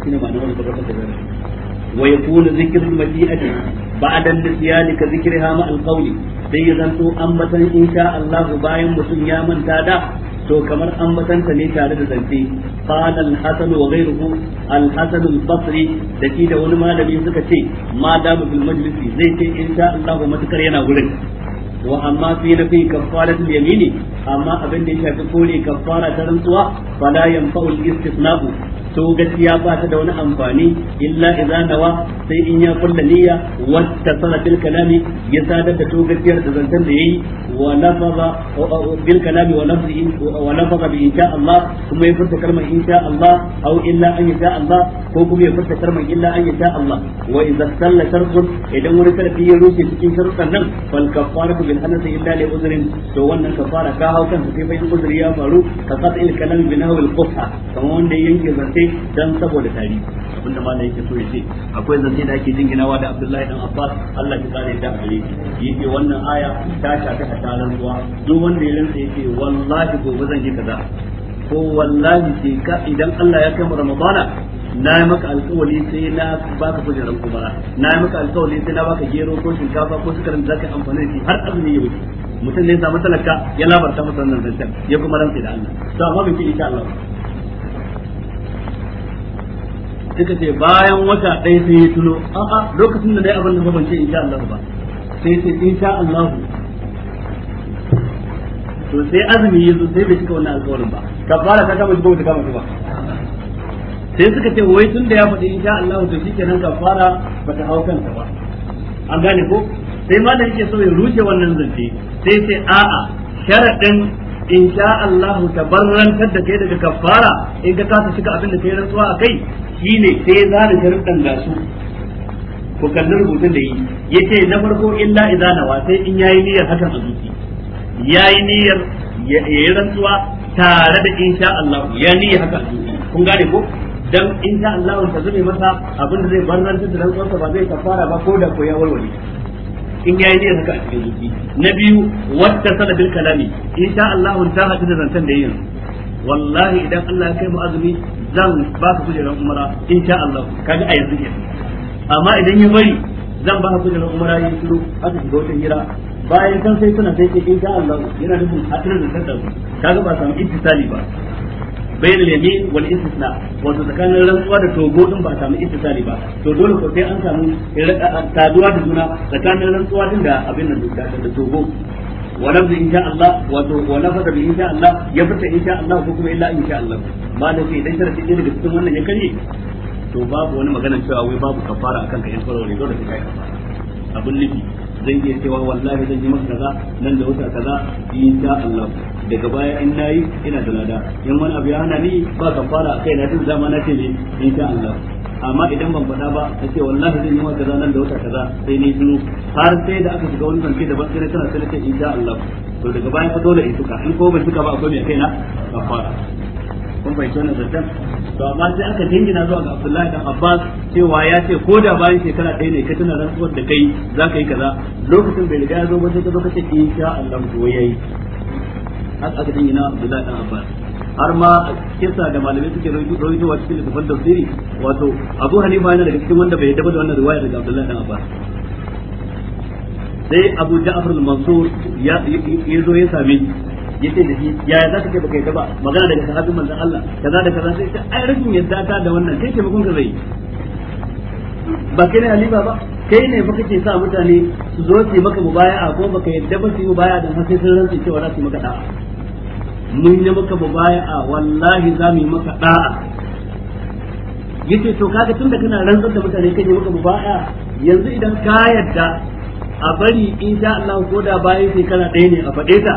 shine ma'anar wannan sarrafa da zance ويكون ذكر المشيئة بعد النسيان كذكرها مع القول sai ya zanto an matan in sha Allah bayan mutum ya manta da to kamar an batanta ne tare da zance fa'ad al-hasan wa ghayruhu al-hasan al-basri da shi da wani malami suka ce ma damu bil majlisi zai ce insha Allah matukar yana gurin wa amma fi fi kafarat yamini amma abin da ya shafi kore kafara ta rantsuwa fala yanfa'u al istithnau to gaskiya ba ta da wani amfani illa idza nawa sai in ya kulla niyya wata sana bil kalami ya sadar da to gaskiyar da zantan da yayi wa nafaza bil kalami wa nafsihi wa nafaza bi insha Allah kuma ya furta kalmar insha Allah aw illa an yasha Allah ko kuma ya furta kalmar illa an yasha Allah wa idza salla shartun idan wani sharadi ya rushe cikin sharuɗan nan fal kafaratu bil hanasi illa li uzrin to wannan kafara ka hau kansa sai fa in uzri ya faru ka qat'il kalami bi nahwi al qusha kamar wanda yanke zance hadisai dan saboda tari abinda malai yake so ya ce akwai zance da ake jinginawa da Abdullahi dan Abbas Allah ya kare da gare yake wannan aya ta shafi hatalan ruwa duk wanda ya rantsa yake wallahi gobe zan yi kaza ko wallahi ce ka idan Allah ya kai mu Ramadana na yi maka alkawali sai na baka kujerar kuma na yi maka alkawali sai na baka gero ko shinkafa ko sukarin da zaka amfani da shi har azumi ya wuce mutum ne ya samu talaka ya labarta masa wannan zancen ya kuma rantsa da Allah to amma bai ce insha Allah suka ce bayan wata ɗaya sai ya tuno a'a lokacin da dai abin da ban ce insha Allah ba sai ce insha Allah to sai azumi ya zo sai bai cika wannan alƙawarin ba kafara ta kama shi ba ta kama shi ba sai suka ce wai tun da ya faɗi insha Allah to shikenan kafara ba ta hau kanta ba an gane ko sai ma da yake so ya ruce wannan zance sai sai a'a sharaɗin in sha Allah tabarrantar da kai daga kafara in ka kasa shiga abin da kai rantsuwa a kai shine sai ya da sharuɗan gasu, su ko kallon rubutun da yi Ya ce na farko illa idza nawa sai in yayi niyyar hakan a zuci yayi niyyar ya yi rantsuwa tare da insha Allah ya niyyar haka a zuci kun gane ko dan insha Allah ta zube masa abin da zai barrantar da rantsuwarsa ba zai kafara ba ko da ko ya warware in yayi niyyar haka a zuci na biyu wata sala bil kalami insha Allah ta hadu da zantan da yin wallahi idan Allah ya kai mu azumi zan ba ka kujerar umara insha Allah kaga a yanzu kenan amma idan ya bari zan ba ka kujerar umara yin shiru aka shiga wata hira bayan kan sai suna sai ke insha Allah yana nufin hatirar da kada kaga ba samu ittisali ba bayan yamin wal istisna wato tsakanin rantsuwa da togo din ba samu ittisali ba to dole ko sai an samu saduwa eh, da juna tsakanin rantsuwa din da abin nan da togo wa nafsi insha Allah wato wa nafsa bi insha Allah ya fita insha Allah ko kuma illa insha Allah malam sai idan sharadi ne daga cikin wannan ya kare to babu wani magana cewa wai babu kafara akan ka yan farwari dole sai kai kafara abun nufi zan iya cewa wallahi zan yi maka kaza nan da wata kaza insha Allah daga baya in nayi ina da lada in wani abu ya hana ni ba kafara kai na tun zama na ce ne insha Allah amma idan ban faɗa ba a ce wallahi zai yi wa kaza nan da wata kaza sai ne shiru har sai da aka shiga wani zance da bakin kana sai in insha Allah to daga bayan fito da in tuka in ko ban suka ba akwai mai kaina kafara kun bai tona zancan to amma sai aka dingina zuwa ga Abdullahi dan Abbas cewa ya ce ko da bayan shekara ɗaya ne ka tana rantsuwar da kai za ka yi kaza lokacin bai riga ya zo ba sai ka zo ka ce insha Allah to yayi har aka dingina Abdullahi dan Abbas har ma kisa da malamai suke rawaito wa cikin littafin tafsiri wato Abu Hanifa yana daga cikin wanda bai yadda da wannan riwaya daga Abdullahi dan Abbas sai Abu Ja'far al-Mansur ya ya zo ya same yace da shi yaya za ka kai baka yadda ba magana daga sahabin manzon Allah kaza da kaza sai ai rashin yadda ta da wannan kai ke mukun ka zai ba kai ne halifa ba kai ne baka ke sa mutane su zo su yi maka mubaya'a ko baka yadda ba su yi mubaya'a dan har sai sun rantsa cewa za su yi maka da'a mun yi maka mubaya'a wallahi za mu yi maka da'a yace to kaga tunda kana rantsar da mutane kan yi maka mubaya'a yanzu idan ka yadda a bari insha Allah ko da bayan kana ɗaya ne a faɗe ta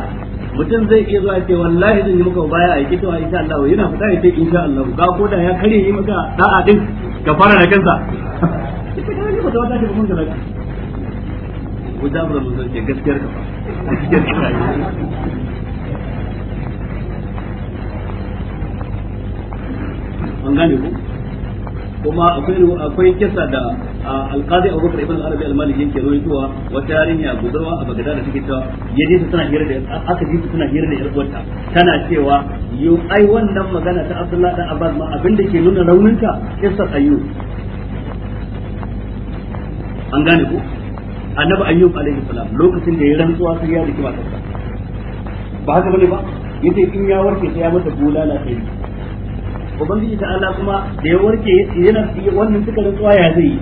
mutum zai iya zuwa ce wallahi zan yi maka baya a yake wa insha Allah yana fita ya ce insha Allah ga ko da ya kare yi maka da'a din ka fara da kansa ita ga ne ba ta wata kuma da ku da mun da gaskiyar ka an gane ku kuma akwai akwai kisa da alqazi abubakar ibn arabi al-maliki yake rawaitowa wata yarinya budurwa a bagada da take ta yaje ta tana hira da aka ji ta tana hira da yar uwarta tana cewa yo ai wannan magana ta abdullahi dan abbas ma abinda ke nuna rauninka kisa ayu an gane ku annabi ayyub alaihi salam lokacin da ya rantsuwa sai ya riki matarsa ba haka bane ba yace in ya warke sai ya mata bulala sai ubangiji ta Allah kuma da ya warke yana wannan suka rantsuwa ya zai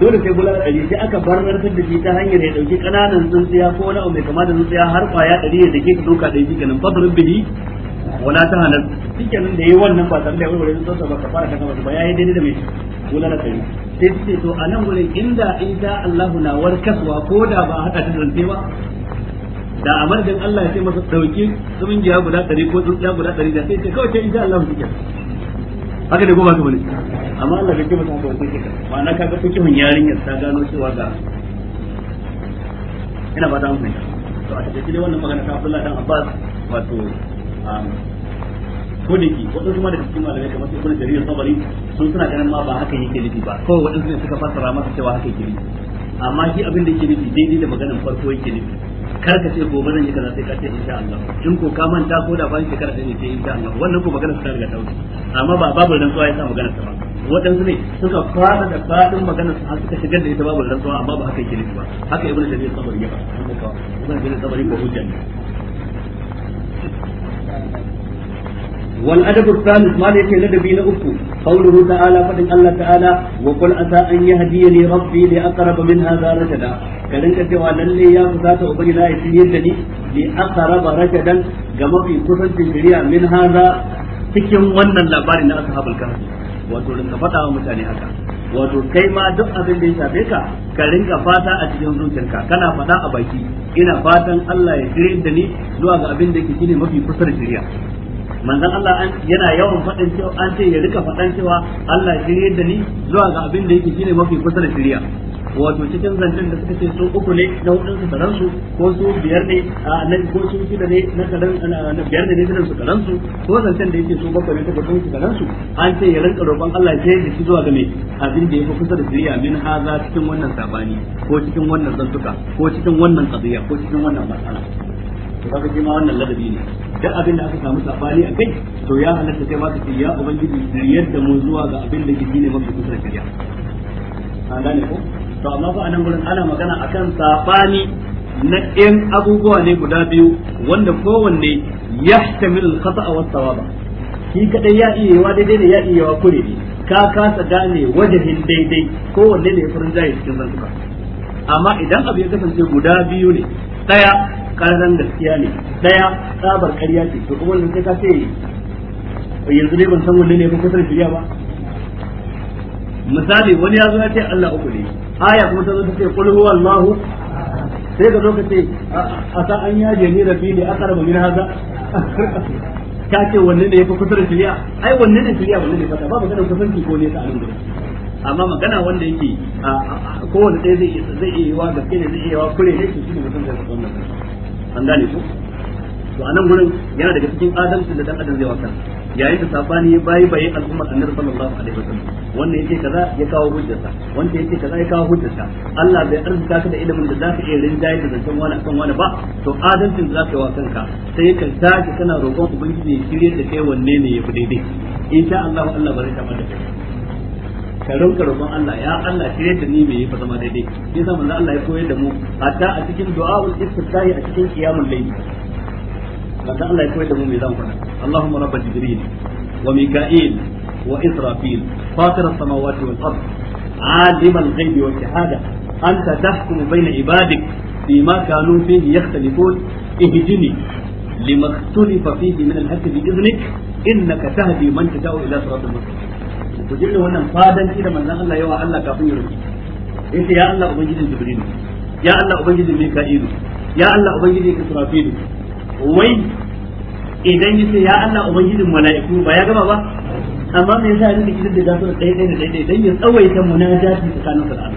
dole sai gula ɗari sai aka barnar da shi ta hanyar ya ɗauki ƙananan tsuntsiya ko wani abu mai kama da tsuntsiya har kwaya ɗari ya dake ka ɗauka ɗari kenan fadrin bihi wala ta halar shikenan da yayi wannan ba tare da wani wurin tsuntsiya ba ka fara kaga ba ba yayi daidai da mai gula ɗari sai ce to a nan wurin inda in sha Allahu na warkaswa ko da ba haɗa ta tsuntsiya ba da a madadin Allah ya ce masa dauki jiya guda ɗari ko jiya guda ɗari da sai ce kawai ce insha Allah su haka da goma ba bane amma Allah ya ce masa haka ko ka ma'ana kaga fikihun yarinyar ta gano cewa ga ina ba ta an fahimta to a cikin dai wannan magana ta Abdullahi dan Abbas wato um, ko da ke waɗansu ma daga cikin malamai kamar su ibn jarir sabari sun suna ganin ma ba haka yake nufi ba kawai wadansu ne suka fassara masa cewa haka yake nufi amma shi abin da yake nufi daidai da maganar farko yake nufi kar ka ce gobe zan yi kaza sai ka ce insha Allah in ko ka manta ko da bayan shekara sai ne ce insha Allah wannan ko magana ta riga ta wuce amma ba babu rantsuwa ya sa magana ta ba wadansu ne suka fara da fadin magana su suka shigar da ita babu rantsuwa amma ba haka yake ne ba haka ibnu jarir sabari ya ba ibnu jarir sabari ko hujja ne wal adabu salis ma da yake ladabi na uku qawluhu ta'ala fadin Allah ta'ala wa qul asa an yahdiyani rabbi li aqrab min hadha rashada kadan ka cewa lalle ya fusata ubangi la yi yadda ni li aqrab rashadan ga mafi min cikin wannan labarin na ashabul kahfi wato rinka faɗa wa mutane haka wato kai ma duk abin da ya shafe ka ka rinka fata a cikin zuciyarka kana faɗa a baki ina fatan Allah ya shirye da ni zuwa ga abin da yake shine mafi kusa da shiriya. manzon Allah yana yawan faɗin cewa an ce ya rika faɗan cewa Allah shirye da ni zuwa ga abin da yake shine mafi kusa da shirya wato cikin zancen da suka ce su uku ne na hudun su karan su ko su biyar ne a nan ko su shida ne na karan biyar ne na su karan su ko zancen da yake su bakwai ne ta su karan su an ce ya rinka roƙon Allah ya da shi zuwa ga me abin da yake kusa da shirya min haza cikin wannan sabani ko cikin wannan zantuka ko cikin wannan qadiya ko cikin wannan matsala to kaga shi ma wannan ladabi ne duk abin da aka samu sabani a kai to ya halatta kai ma ka ce ya ubangiji shiryar da mu zuwa ga abin da ke ne mafi kusa da kariya an gane ko to amma fa anan gurin ana magana akan sabani na ɗayan abubuwa ne guda biyu wanda kowanne ya shamil khata'a was sawaba shi kadai ya iya yawa daidai ne ya iya yawa kure ne ka kasa gane wajahin daidai kowanne ne ya farin jaye cikin zantuka amma idan abu ya kasance guda biyu ne daya karan gaskiya ne daya tsabar ƙarya ce to kuma wannan sai ka ce yanzu ne ban san wanne ne kun kusan shirya ba misali wani ya zo ya ce Allah uku ne aya kuma ta zo ta ce qul huwallahu sai ka zo ka ce a sa an yaje ni rabi ne aqrabu min hada ka ce wanne ne yafi kusurin shirya ai wanne ne shirya wanne ne fata ba magana sanki ko ne ta alun amma magana wanda yake kowane ɗaya zai iya zai iya wa gaske ne zai iya wa kure ne shi ne mutum da wannan an gane ku to anan gurin yana daga cikin adalcin da dan adam zai wata yayin da sabani bayi bayi al'umma annabi sallallahu alaihi wasallam wanda yake kaza ya kawo hujjarsa wanda yake kaza ya kawo hujjarsa Allah bai arzuka ka da ilimin da zaka iya rinjaye da zancen wani akan wani ba to adalcin da zaka yi wa kanka sai ka tashi kana roƙon ubangiji ya kire da kai wanne ne ya fi daidai insha Allah Allah ba zai kai ka rinka roƙon Allah ya Allah shirye da ni me yi fa zama daidai shi yasa manzo Allah ya koyar da mu hatta a cikin du'a'ul istiftahi a cikin qiyamul layl manzo Allah ya koyar da mu me zan faɗa Allahumma rabb jibril wa mika'il wa israfil fatir as-samawati wal ard عالم الغيب والشهادة أنت تحكم بين عبادك فيما كانوا فيه يختلفون اهدني لما اختلف فيه من الحق بإذنك إنك تهدي من تشاء إلى صراط المستقيم ku jira wannan ki da manzon Allah yawa Allah kafin ya roki yace ya Allah ubangijin jibrilu ya Allah ubangijin mika'ilu ya Allah ubangijin israfilu wai idan yace ya Allah ubangijin mala'iku ba ya gama ba amma me yasa ne rike da gafara da ɗaya da ɗaya dan ya tsawaita munajati tsakanin da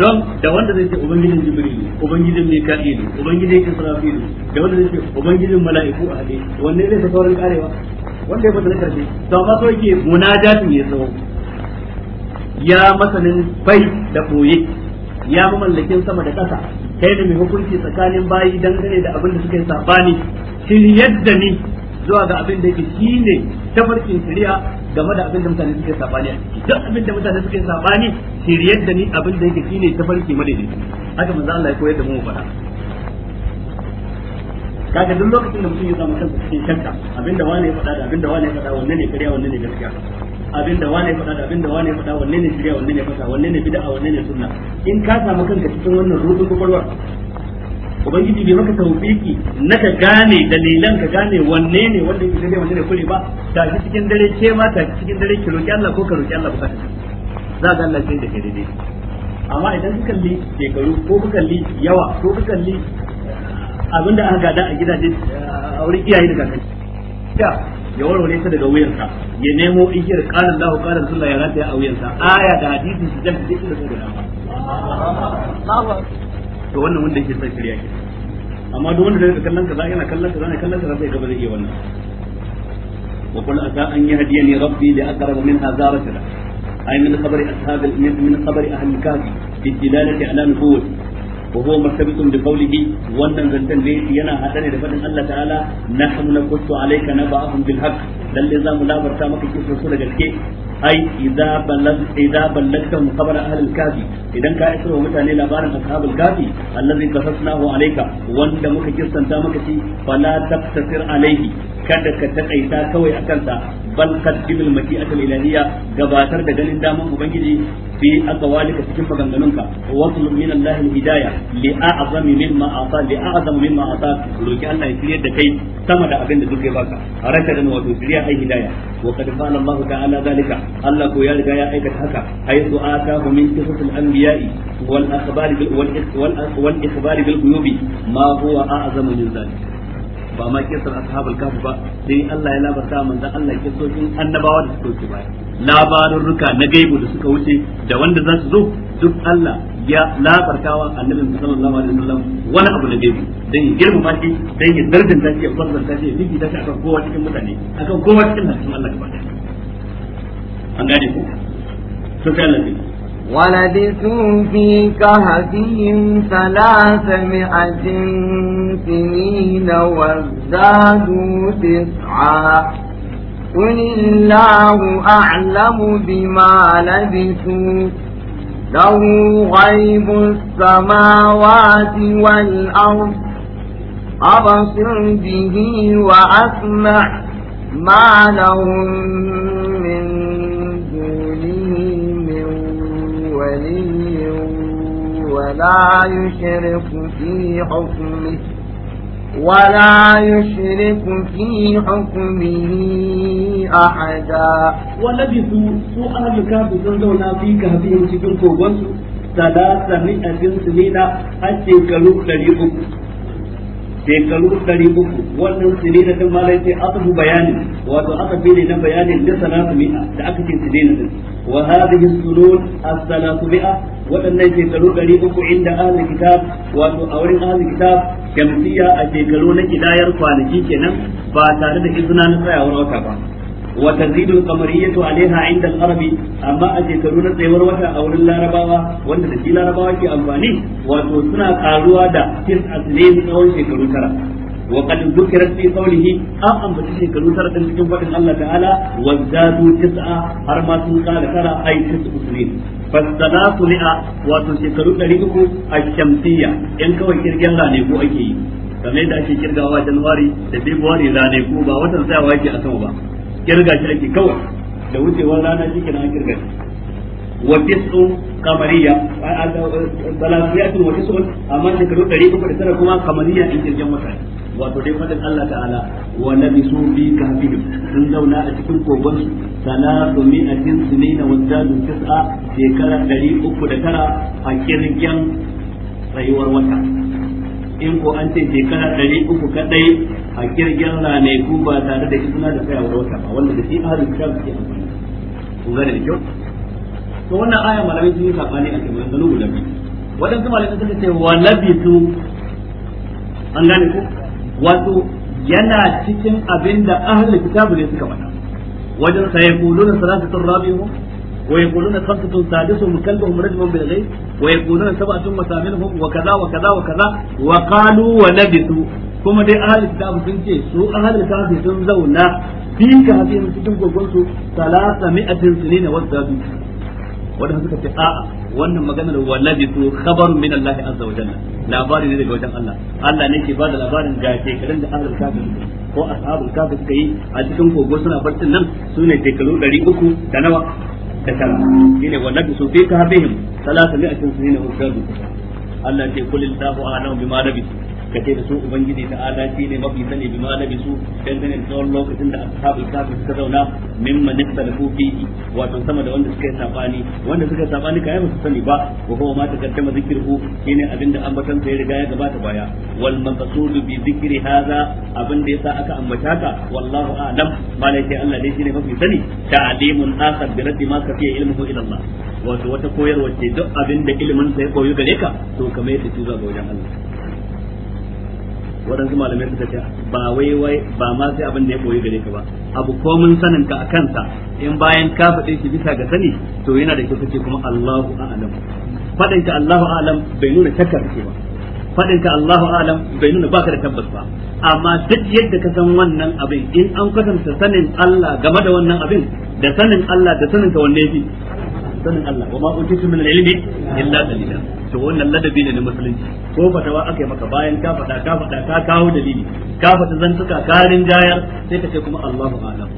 don da wanda zai ce ubangijin jibrilu ubangijin ne ubangijin ne da wanda zai ce ubangijin mala'iku a hade wanne zai fi wurin karewa wanda ya fata na karshe to amma so yake munajatun ya so ya masanin bai da boye ya mamallakin sama da ƙasa kai da mai hukunci tsakanin bayi dangane da abin da suka yi sabani shin yadda ni zuwa ga abin da yake shine tafarkin shari'a game da abin da mutane suke sabani a ciki duk abin da mutane suke sabani shiryar da ni abin da yake shine ta farki madadi haka manzo Allah ya koyar da mu fara kaga duk lokacin da mutum ya samu kansa cikin shakka abin da wani ya faɗa da abin da wani ya faɗa wanne ne kariya wanne ne gaskiya abin da wani ya faɗa da abin da wani ya faɗa wanne ne ƙarya wanne ne faɗa wanne ne bid'a wanne ne sunna in ka samu kanka cikin wannan rubutun kwakwalwar ubangiji bai maka tawfiki na ka gane dalilan ka gane wanne ne wanda yake dai wanda ne kure ba ta cikin dare ce ma ta cikin dare ki roki Allah ko ka roki Allah ba za ga Allah sai da ke daidai amma idan kuka kalli shekaru ko kuka kalli yawa ko kuka kalli eh, abinda aka gada a gidaje eh, a wurin iyaye da kakanni ya warware ta daga wuyansa ya nemo igiyar karin lahu karin sunna ya rataya a wuyansa aya da hadisi su jan da duk da su da dama to wannan wanda yake son shirya ke amma duk wanda da kallon kaza yana kallon kaza ne kallon kaza sai gaba zai iya wannan wa qul asa an yahdiyani rabbi li aqrab min hadha rashada ay min khabari ashab min min khabari ahli kafi bi dilalati ala nubuwwah wa huwa martabitun bi qawlihi wannan zantan ne yana hada ne da fadin Allah ta'ala nahnu naqussu alayka naba'ahum bil haqq lalle zamu labarta maka kisu daga gaske ai idza ballag idza ballagta muqabar ahlul kafi idan ka isar wa mutane labarin ashabul kafi allazi qasasnahu alayka wanda muka kissanta maka shi fala a alayhi kada ka takaita kawai akan sa bal qaddimil mashi'ata al-ilahiyya gabatar da ganin daman ubangiji fi aqwalika cikin maganganunka wasul min Allah al-hidayah li a'zam mimma ata li a'zam mimma ata roki Allah ya kiyar da kai sama da abin da duk ya baka raka da wato kiriya ai hidayah wa qad qala Allah ta'ala zalika Allah ko ya riga ya aikata haka haythu atahu min qisatil anbiya'i wal akhbari wal wal ikhbari bil ghuyubi ma huwa a'zam min zalika ba ma kisar ashabul kahf ba sai Allah ya labarta manzo Allah kisokin annabawa da suka baya labarin ruka na gaibu da suka wuce da wanda za su zo duk Allah ya labartawa annabi sallallahu alaihi wasallam wani abu na gaibu dan ya girma shi dan ya dardanta shi ya fassara shi ya bibita shi akan kowa cikin mutane akan kowa cikin halittun Allah gaba ɗaya an gane ku to sai Allah ولبثوا في كهفهم ثلاثمائة سنين وازدادوا تسعا قل الله أعلم بما لبثوا له غيب السماوات والأرض أبصر به وأسمع ما لهم ولا يشرك في حكمه ولا يشرك في حكمه أحدا ولبثوا سوء الكافر تنزونا في كهبه تكون كوبوس ثلاث مئة سنين أشيكلوا خليهم shekaru ɗari uku wannan sinina din ma sai fi bayanin wato fi ne na bayanin da sanatu mi'a da aka ce sinina din wa yin sunun as sanatu mi'a waɗannan shekaru ɗari uku inda ahli kitab wato a wurin ahli kitab shamsiya a shekaru na kidayar kwanaki kenan ba tare da izina na tsayawar wata ba wa tazidu qamariyatu alaiha inda al-arabi amma a shekaru na tsayuwar wata a wurin larabawa wanda da shi larabawa ke amfani wato suna karuwa da tis aslin tsawon shekaru tara wa qad dhukirat fi qawlihi an ambata shekaru tara din cikin fadin Allah ta'ala wa zadu tis'a har ma sun kara tara ai tis'u sunin fasalatu li'a wato shekaru ɗari uku a shamsiyya yan kawai kirgen rane ko ake yi kamar da ake kirgawa Januwari da February rane ko ba watan tsayawa yake a sama ba kirga shi ake kawai da wucewar rana shi kenan an kirga shi wa tisu kamariya salasiyatun wa tisun amma shekaru tara kuma kamariya in kirgen mutane wato dai fadin Allah ta'ala wa su bi kahfihim sun zauna a cikin kogon su cikin mi'atin sinina wa zadu tis'a shekara tara a kirgen rayuwar wata in ko an ce shekara uku kadai a kirgin rane ku ba tare da izina da tsayawar wata ba wanda da shi ahlul kitab suke amfani ku gane da kyau to wannan aya malamai sun yi sabani a cikin wannan guda biyu wadansu malamai suka ce wa labitu an gane ku wato yana cikin abin da ahlul kitab ne suka faɗa wajen sa yaquluna salatu rabihu ويقولون خمسة سادسهم كلبهم رجم بالغيب ويقولون سبعة وثامنهم وكذا وكذا وكذا وقالوا ولبثوا kuma dai ahli kitab sun ce su ahli kitab sun zauna fi ka hadin cikin gogon su salasa mi'atin sinina wa zabi wanda suka ce a'a wannan maganar wallazi su khabaru min Allah azza wa jalla labari ne daga wajen Allah Allah ne ke bada labarin ga shekarun da ahli kitab ko ashabul kitab suka yi a cikin gogo suna barcin nan su ne shekaru 300 da nawa da tara shine wallazi su fi ka hadihim salasa mi'atin sinina wa zabi Allah ce kulillahu a'lamu bima labisu kace da su ubangiji ta ala shi ne mafi sani bi ma labisu dangane da tsawon lokacin da ashabul kafi suka zauna mimma nistalafu fihi wato sama da wanda suka yi sabani wanda suka yi sabani kai musu sani ba wa huwa ma taqaddama zikruhu shine abinda ambatan sai riga ya gabata baya wal maqsud bi zikri hadha abinda yasa aka ambata ka wallahu a'lam malai Allah ne shine mafi sani ta'limun akhar bi raddi ma ka fiye ilmuhu ila Allah wato wata koyarwa ce duk abinda ilimin sai koyo gare ka to kamar yadda tuzo ga wajen Allah waɗansu malamai suka ce ba wai wai ba ma sai abin da ya koyi gare ka ba abu komin sanin ka a kansa in bayan ka faɗe shi bisa ga sani to yana da kyau kace kuma Allahu a'lam faɗin ka Allahu a'lam bai nuna shakka kake ba faɗin ka Allahu a'lam bai nuna baka da tabbas ba amma duk yadda ka san wannan abin in an kwatanta sanin Allah game da wannan abin da sanin Allah da sanin ka wanne yake sanin Allah wa ma utitu min al-ilmi illa qalila to wannan ladabi ne na musulunci ko fatawa akai maka bayan ka fada ka fada ka kawo dalili ka fada zantuka karin jayar sai ka ce kuma Allahu a'lam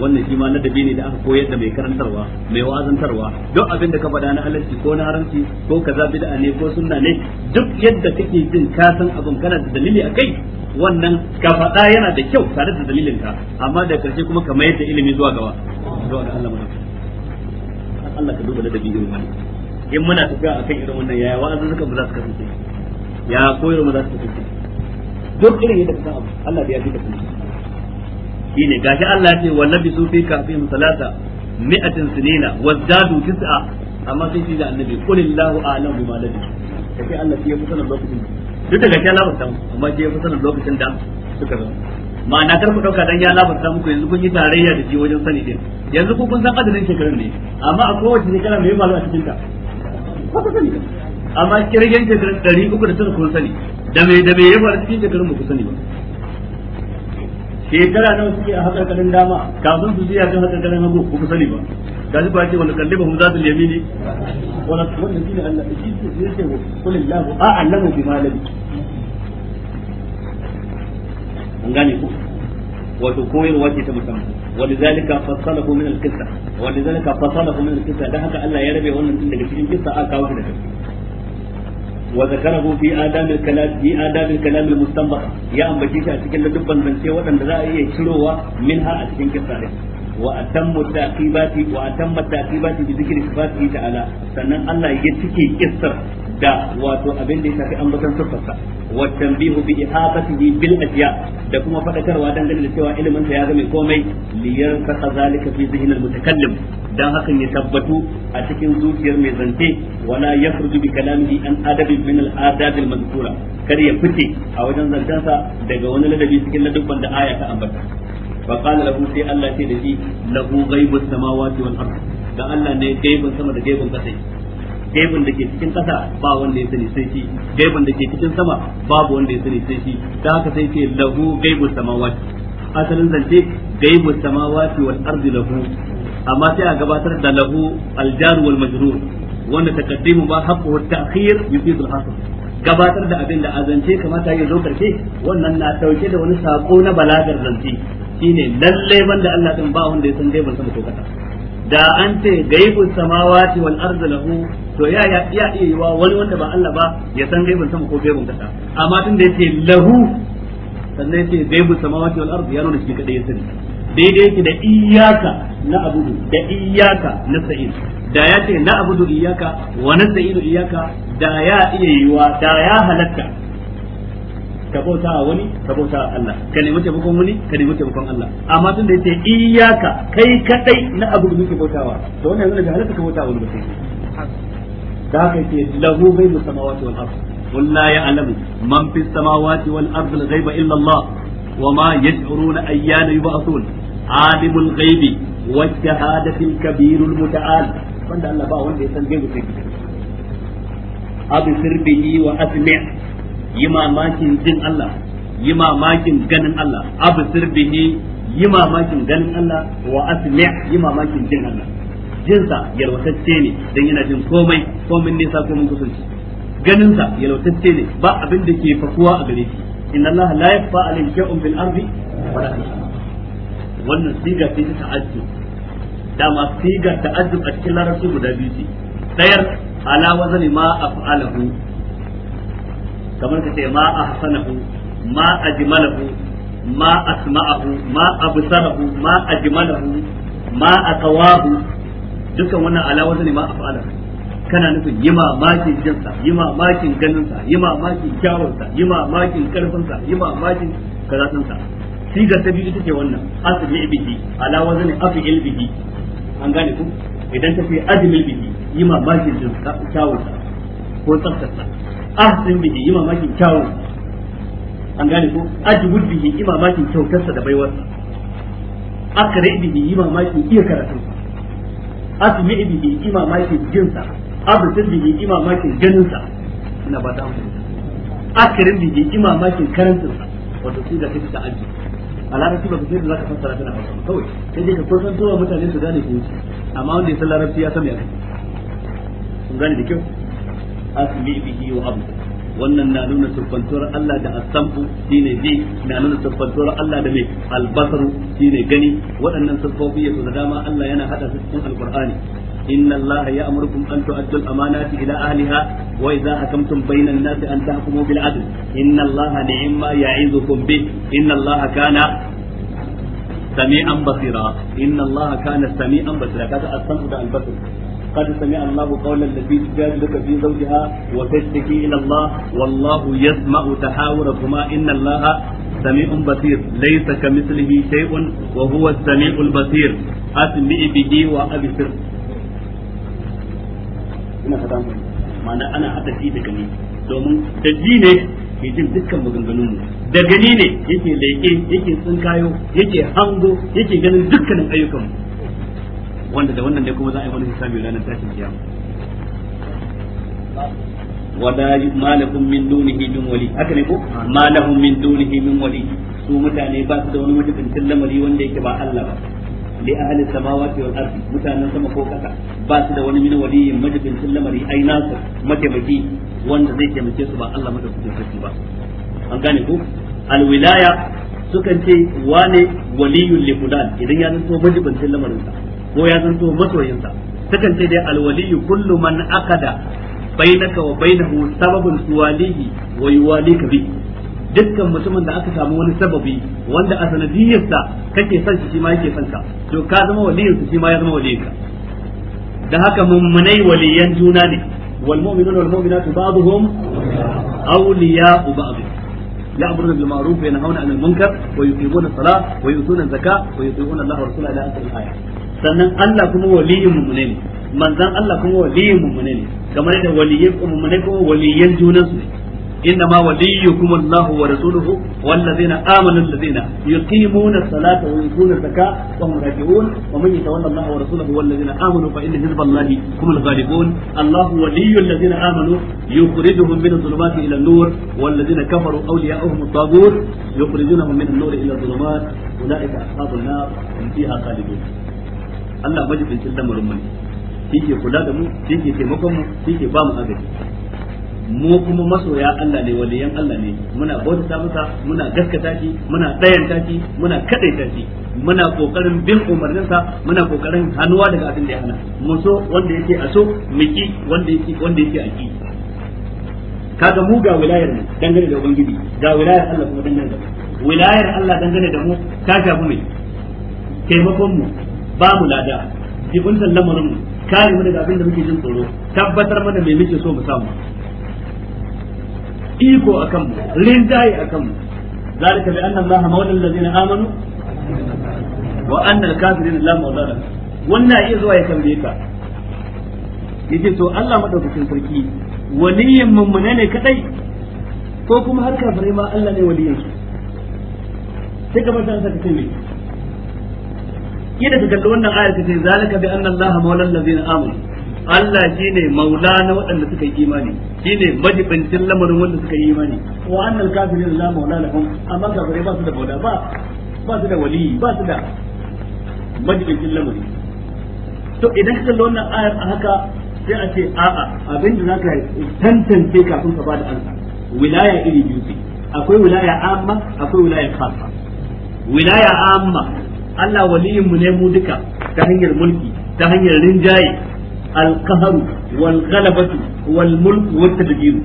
wannan shi ma ladabi ne da aka koyar da mai karantarwa mai wazantarwa duk abin da ka faɗa na halarci ko na haramci ko kaza bid'a ne ko sunna ne duk yadda kake jin ka san abin kana da dalili a kai wannan ka faɗa yana da kyau tare da dalilin ka amma da karshe kuma ka mayar da ilimi zuwa gawa zuwa ga Allah madaukakin Allah ka duba da dabi irin wannan in muna tafiya kan irin wannan yaya wa'azin suka ba za su kasance ya koyar ma za su kasance duk irin yadda ka abu Allah biya ya ka kasance ne gashi Allah ya ce wa su fi kafihim salata mi'atin sinina wazdadu tis'a amma sai shi da annabi qulillahu a'lamu ma labisu kace Allah shi ya fi sanin lokacin duk da gashi Allah ba san amma shi ya fi sanin lokacin da suka zama ma na ku dauka dan ya labarta muku yanzu kun yi tarayya da ji wajen sani din yanzu ku kun san adadin shekarun ne amma a kowace shekara me ya faru a cikin ta amma kirgen shekarun ɗari uku da tara kun sani da mai da mai ya faru cikin shekarun ba ku sani ba shekara nawa suke a hakarkarin dama kafin su je a kan hakarkarin hagu ba ku sani ba kaji ba ce wani kalliba hum zatul yamini wala wannan shine Allah shi ne yake kulillahu a'lamu bi malami an gane ku wato koyarwa ce ta musamman walidhalika fasalahu min al-qissa walidhalika fasalahu min al-qissa dan haka Allah ya rabe wannan tun daga cikin kissa a kawo shi daga wa zakarahu fi adab al-kalam fi adab al-kalam al-mustanbata ya ambace shi a cikin ladabban zance waɗanda za a iya cirowa minha a cikin kissa din wa atammu taqibati wa atamma taqibati bi dhikri sifatihi ta'ala sannan Allah ya cike kissar da wato abin da ya shafi ambaton siffarsa wa tanbihu bi ihaqatihi bil asya da kuma fadakarwa dangane da cewa ilimin sa ya zama komai liyar yarfa zalika fi zihn mutakallim dan hakan ya tabbatu a cikin zuciyar mai zance wala yakhruju bi kalamihi an adabin min al adab al mazkura kada ya fice a wajen zancensa daga wani ladabi cikin ladabban da aya ta ambata فقال له da الله سي له غيب السماوات والارض da Allah ne gaibin sama da gaibin kasai gaibin da ke cikin kasa ba wanda ya sani sai shi gaibin da ke cikin sama babu wanda ya sani sai shi da haka sai ce lahu gaibus samawati asalin zance gaibus samawati wal ardi lahu amma sai a gabatar da lahu aljar wal majrur wanda taqaddimu ba haqqu at-ta'khir yufidu al-hasr gabatar da abin da azance kamata ya zo karshe wannan na dauke da wani sako na balagar zance shine lalle banda Allah din ba wanda ya san gaibin sama ko kasa da an ce gaibus samawati wal ardi lahu to ya ya iya yi yiwa wani wanda ba Allah ba ya san gaibin sama ko gaibin kasa amma tun da yake lahu sannan yake gaibin samawati wal ardi ya nuna shi kadai ya sani daidai yake da iyaka na abudu da iyaka na sa'id da ya ce na abudu iyaka wa na sa'idu iyaka da ya iya yiwa da ya halatta ka bauta a wani ka bauta a Allah ka nemi taimakon wani ka nemi taimakon Allah amma tun da yake iyaka kai kadai na abudu muke bautawa to wannan yana da halatta ka bauta a wani ba sai da haka yake lahu ghaibu samawati wal ardh qul la ya'lamu man fis samawati wal ardh al ghaiba illa Allah wa ma yash'uruna ayyana yub'athun alimul ghaibi wa shahadatil kabirul muta'al wanda Allah ba wanda ya san gaibu sai abu sirbihi wa asmi' yi mamakin jin Allah yi mamakin ganin Allah abu sirbihi yi mamakin ganin Allah wa asmi' yi mamakin jin Allah jinsa yalwatacce ne don yana jin komai komin nisa komin kusanci ganinsa yalwatacce ne ba abin da ke fakuwa a gare shi inna Allah la yafa alim shay'un bil ardi wala wannan siga ce ta ta'ajjub dama siga ta'ajjub a cikin larabci guda biyu ce dayar ala wazani ma af'alahu kamar ka ce ma ahsanahu ma ajmalahu ma asma'ahu ma absarahu ma ajmalahu ma aqwahu dukkan wannan alawar ne ma fa'ala kana nufin yi mamakin jinsa yi mamakin ganinsa yi mamakin kyawunsa yi mamakin karfinsa yi mamakin karatunsa sigar ta biyu take ce wannan asibi bihi ala wazani afi ilbidi an gane ku idan ta fi ajmil bihi yi mamakin jinsa kyawunsa ko tsaftarsa ahsin bihi yi mamakin kyawunsa an gane ku ajmud bihi yi mamakin kyautarsa da baiwarsa akra bihi yi mamakin iya karatunsa asmi bihi ima ma ke jin sa abdul bihi ima ma ke ganin sa ina ba ta amfani akirin bihi ima ma ke karantin sa wato su da kake ba da zaka fassara kana hausa kawai sai dai ka mutane su gane ko amma wanda ya san larabci ya san me kun gane da kyau asmi wa abdul wannan na nuna siffantuwar Allah da asambu shine bi na nuna siffantuwar Allah da mai albasaru shine gani waɗannan siffofi yaso da dama Allah yana hada su cikin alqur'ani inna Allah ya'murukum an tu'addu al-amanati ila ahliha wa idza hakamtum bayna an-nasi an tahkumu bil 'adl inna Allah ni'ma ya'izukum bi inna Allah kana sami'an basira inna Allah kana sami'an basira kaga asambu da albasar قد سمع الله قول التي تجادلك في زوجها وتشتكي الى الله والله يسمع تحاوركما ان الله سميع بصير ليس كمثله شيء وهو السميع البصير اسمع به وابصر ina fata mu ma'ana ana hada shi da gani domin da ne ke jin dukkan maganganun mu da gani ne yake tsinkayo yake hango yake ganin dukkanin ayyukan mu wanda da wannan ne kuma za a yi mana hisabi ranar tashin kiyama wada malakum min dunihi min wali haka ne ko min dunihi min wali su mutane ba su da wani mutuncin lamari wanda yake ba Allah ba li ahli samawati wal ardi mutanen sama ko kasa ba su da wani min lamari ai nasu mataimaki wanda zai taimake su ba Allah ba an gane ko alwilaya sukan ce wane waliyun li fulan idan ya zanto majibincin lamarin sa ko ya zanto masoyinsa takan ce dai alwaliyu kullu man aqada bainaka wa bainahu sababun tuwalihi wa yuwalika bi dukkan mutumin da aka samu wani sababi wanda a sanadiyarsa kake son shi ma yake son ka to ka zama waliyinsa shi ma ya zama waliyinka da haka mummunai waliyan juna ne wal mu'minuna wal mu'minatu ba'dhum awliya'u ba'd يأمرون بالمعروف وينهون عن المنكر ويقيمون الصلاة ويؤتون الزكاة ويطيعون الله ورسوله إلى آخر الآية sannan Allah kuma waliyin mummune ne manzan Allah kuma waliyin mummune ne kamar da waliyin mummune kuma waliyan junan su ne inna ma waliyukum Allah wa rasuluhu wal ladzina amanu ladzina yuqimuna as-salata wa yutuna az-zakata wa hum raji'un wa man yatawalla Allah wa rasuluhu wal ladzina amanu fa inna hizballahi hum al-ghalibun Allah waliyul ladzina amanu yukhrijuhum min adh-dhulumati ila an-nur wal ladzina kafaru awliya'uhum at-taghut yukhrijunahum min an-nur ila adh-dhulumat ulaika ashabun nar hum fiha khalidun Allah majibincin lamarin mu shi ke kula da mu shi ke taimakon mu shi ke ba mu agaji mu kuma masoya Allah ne waliyan Allah ne muna bautata masa muna gaskata shi muna tsayanta shi muna kadaita shi muna kokarin bin umarninsa muna kokarin hannuwa daga abin da ya hana mu so wanda yake a so mu ki wanda yake wanda yake a ki kaga mu ga wilayar mu dangane da ubangiji ga wilayar Allah kuma dangane da wilayar Allah dangane da mu ta shafi mai taimakon mu ba mu lada jibuntan lamarin mu kare mu daga abin da muke jin tsoro tabbatar mana me muke so mu samu iko akan mu rinjaye akan mu zalika bi anna allaha mawla alladhina amanu wa anna al-kafirina la mawla lahum wannan zuwa ya tambaye ka yace to Allah madaukakin sarki waliyin mummune ne kadai ko kuma har kafirai ma Allah ne waliyin su sai ka bar ta saka kai kida ka kalli wannan ayar kace zalika bi anna allaha mawlal ladina amanu Allah shine maula na waɗanda suka yi imani shine majibincin lamarin wanda suka yi imani wa annal kafirin la maula lahum amma kafirai ba su da maula ba ba su da wali ba su da majibincin lamari to idan ka kalli wannan ayar a haka sai a ce a'a abin da zaka tantance kafin ka bada ansa wilaya iri biyu akwai wilaya amma akwai wilaya khassa wilaya amma Allah waliyin mu ne mu duka ta hanyar mulki ta hanyar rinjaye alqahru wal ghalabatu wal mulku wat tadbir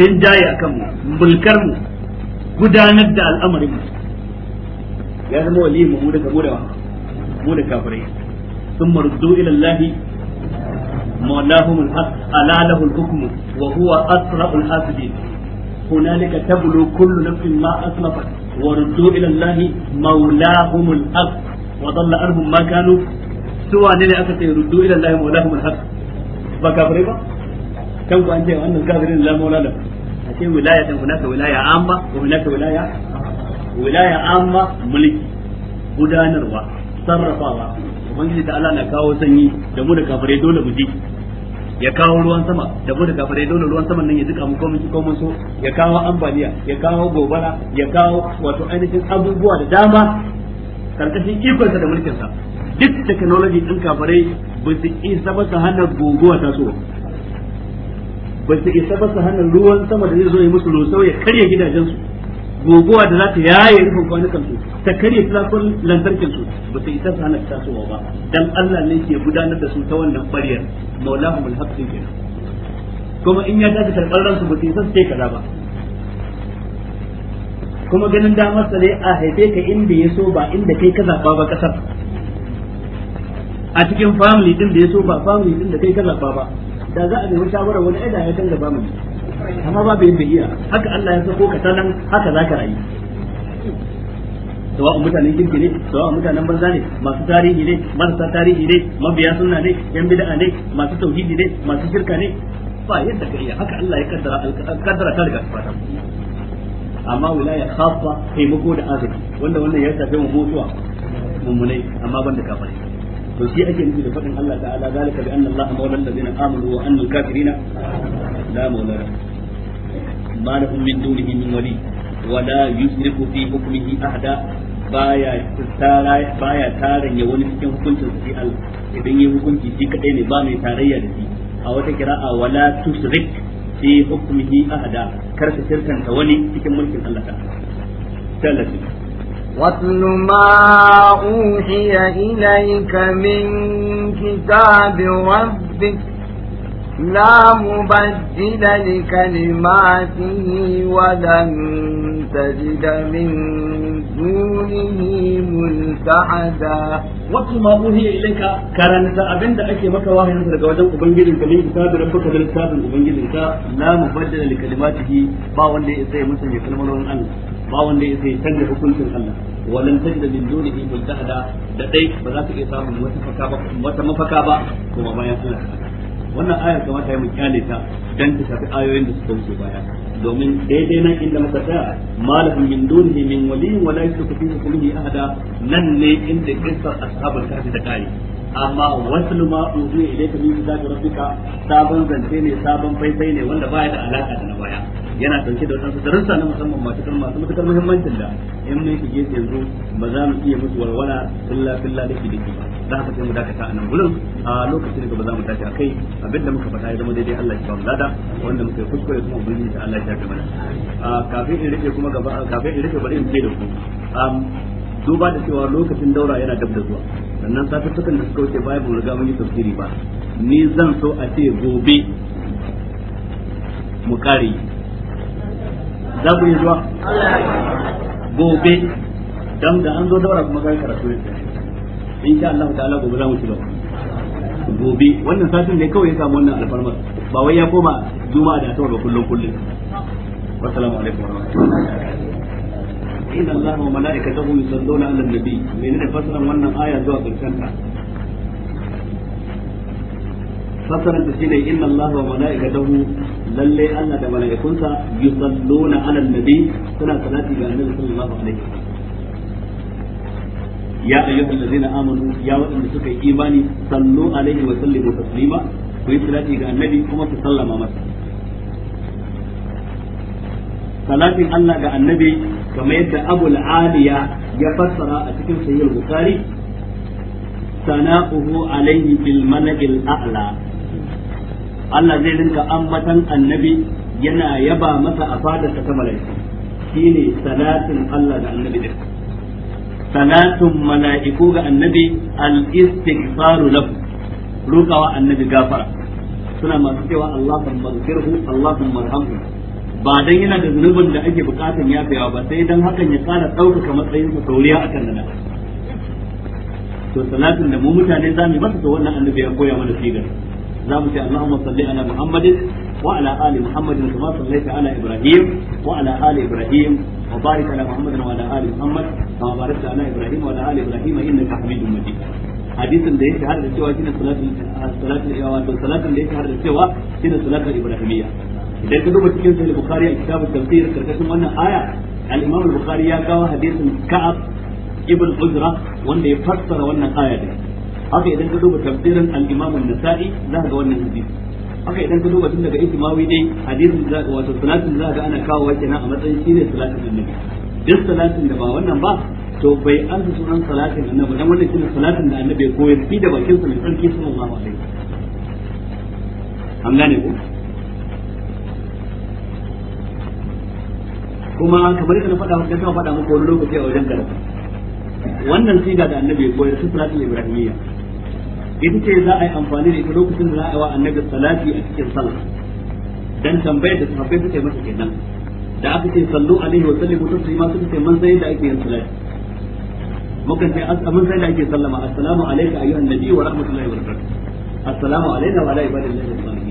rinjaye akan mu mulkar mu gudanar da al'amarin mu ya zama waliyin mu duka mu da mu da kafirai ثم ردوا إلى الله مولاهم الحق ألا له الحكم وهو أسرع الحاسبين هنالك تبلو كل نفس ما أسلفت ورجوا إلى الله مولاهم الحق وضل عنهم ما كانوا سوى نلي أكا يردوا إلى الله مولاهم الحق بكافرين كم أنت وأن الكافرين لا مولى لهم أشياء ولاية هناك ولاية عامة وهناك ولاية ولاية عامة ملك gudanarwa sarrafawa ubangiji da Allah na kawo sanyi da mu da kafirai dole mu ji ya kawo ruwan sama da bude kafirai dole ruwan saman nan ya duka mu komai komai so ya kawo ambaliya ya kawo gobara ya kawo wato ainihin abubuwa da dama karkashin sa da sa duk technology din kafirai ba su isa ba su hana guguwa ta so ba su isa ba su hana ruwan sama da zai zo ya musu lusau ya karya gidajensu goguwa da za ta yaye rufin kwanukan su ta karye tilakon lantarkin su ba ta isa su hana tasowa ba dan Allah ne ke gudanar da su ta wannan bariyar maulahum alhaqin kenan kuma in ya tashi karɓar ransu ba ta isa sai kaza ba kuma ganin damar sa ne a haife ka inda ya so ba inda kai ka zaɓa ba ƙasar a cikin family din da ya so ba family din da kai ka zaɓa ba da za a nemi shawarar wani aida ya canza family amma ba bai bai iya haka Allah ya sako ka sanan haka zaka rayu sawa'un mutanen kirki ne sawa'un mutanen banza ne masu tarihi ne marasa tarihi ne mabiya sunna ne yan bid'a ne masu tauhidi ne masu shirka ne ba yadda ka iya haka Allah ya kaddara kaddara ta daga fata amma wilaya khaffa taimako da azabi wanda wannan ya tafi mu mutuwa mummunai amma ban da kafare to shi ake nufi da faɗin Allah ta'ala zalika bi anna Allah mawla allazina amanu wa anna al-kafirina la mawla ما لهم من دونه من ولي ولا يشرك في حكمه أحدا baya tsara baya tarin ya wani cikin hukuncin sai Allah idan yayi hukunci shi kadai ne ba mai tarayya da shi a wata kira'a wala tusrik fi hukmihi ahada kar ka shirkanta wani cikin mulkin Allah ta tallafi واتل ما أوحي إليك من كتاب ربك لا مبدل لكلماته ولن تجد من دونه ملتحدا وقت ما أوهي إليك كان أبند أكي مكا واحد أنت لك وجب أبنجل الكلمة كتاب ربك بالكتاب أبنجل لا مبدل لكلماته باوان لي إزاي مثل يكلمون الله باوان لي إزاي تنجح كل الله ولن تجد من دونه ملتحدا لديك بذاتك إسلام وتفكا وتمفكا وما يصلح wannan ayar kamata ya mu kyale ta dan ta tafi ayoyin da suka wuce baya domin daidai nan inda muka ta malakum min dunihi min wali wala yushriku fi a ahada nan ne inda a ashabul kahfi da kare amma wasu ma uzu ilayka min zaka rabbika sabon zance ne sabon faifai ne wanda baya da alaka da na baya yana ɗauke da wasu darussa na musamman masu kalma masu matuƙar muhimmancin da in mun shige su yanzu ba za mu iya musu walwala illa billah da kidi za ka sai mu dakata a nan gurin a lokacin da ba za mu tashi akai abinda muka faɗa ya zama daidai Allah ya ba mu lada wanda muka yi kuskure kuma ubangiji da Allah ya shafe mana kafin in rike kuma gaba kafin in rike bari in ce da ku duba da cewa lokacin daura yana dab da zuwa sannan satuttukan da suka wuce baya ba riga mun yi tafsiri ba ni zan so a ce gobe mu kare za ku yi zuwa gobe dan da an zo daura kuma kai karatu ne in sha Allah ta'ala gobe za mu ci gaba gobe wannan satin ne kawai ya samu wannan alfarmar ba wai ya koma juma'a da asabar ba kullum kullum assalamu alaikum warahmatullahi إن الله وملائكته يصلون على النبي من فسر وانا آية زوا بالكنتا فسر تسيني إن الله وملائكته للي ألا وملائكته يصلون على النبي سنة صلاة النبي صلى الله عليه وسلم يا أيها الذين آمنوا يا وإن سكي إيماني صلوا عليه وسلموا تسليما ويسلاتي النبي كما تسلم مسلم salatin Allah ga annabi kamar yadda abu aliya ya fassara a cikin sahih bukhari sana'uhu alayhi bil mala'il a'la Allah zai rinka ambatan annabi yana yaba masa a fadarsa ta mala'iku shine salatin Allah da annabi din salatun mala'iku ga annabi al-istighfaru lahu roƙawa annabi gafara suna masu cewa Allahumma ighfirhu Allahumma arhamhu ba dan yana da zunubin da ake bukatan ya fiyawa ba sai dan hakan ya kara ɗaukaka matsayin sa sauriya a kan nada to salatin da mu mutane za mu masa da wannan annabi ya koya mana sigar za mu ce Allahumma salli ala Muhammadin wa ala ali Muhammadin kama sallaita ala Ibrahim wa ala ali Ibrahim wa barik ala Muhammadin wa ala ali Muhammad kama barakta ala Ibrahim wa ala ali Ibrahim innaka Hamidum Majid hadisin da yake har da cewa shine salatul salatul wato salatin da yake har da cewa shine salatul ibrahimiyya idan ka duba cikin sahih bukhari a tafsir karkashin wannan aya al-imam bukhari ya kawo hadisin ka'ab ibn uzra wanda ya fassara wannan aya da haka idan ka duba tafsirin al-imam an-nasa'i za ka ga wannan hadisi haka idan ka duba tun daga dai hadisin za ka wato salatin za ka ana kawo wa kenan a matsayin shine salatin annabi duk salatin da ba wannan ba to bai an sunan salatin annabi dan wannan shine salatin da annabi ya koyar fi da bakin sa mai tsarki sallallahu alaihi wasallam an gane ko kuma kamar yadda na faɗa wa ta faɗa muku wani lokaci a wajen karatu wannan siga da annabi ko koyar ta ibrahimiyya ita ce za a yi amfani da ita lokacin da za a yi wa annabi salati a cikin sallah dan tambayar da sahabbai suke masa kenan da aka ce sallu alaihi wa sallimu taslima suka ce man sai da ake yin salati mukan ce mun sai da ake sallama assalamu alayka ayyuhan nabi wa rahmatullahi wa barakatuh assalamu alayka wa ala ibadillahi salih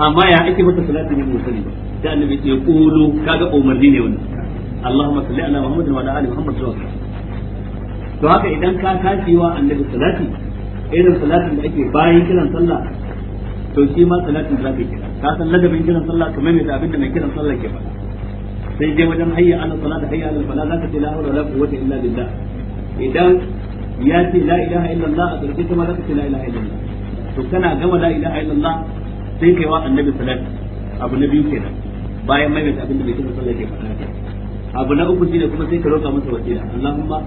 amma ya ake masa salatin ya musali ba da annabi ya kulu kaga umarni ne wannan Allahumma salli ala Muhammad wa ala ali Muhammad sallallahu alaihi to haka idan ka tashi wa annabi salati irin salatin da ake bayan kiran sallah to shi ma salatin da zaka kira ka san ladabin kiran sallah kamar mai abin da mai kiran sallah ke faɗa sai dai wajen hayya ala salati hayya ala fala zaka ce la hawla wala quwwata illa billah idan ya ce la ilaha illallah a ƙarshe kuma zaka ce la ilaha illallah to kana gama la ilaha illallah sai kai wa annabi abu na biyu kenan bayan mai abin da bai taɓa sallah ke faɗa abu na uku shine kuma sai ka roƙa masa wasila Allahumma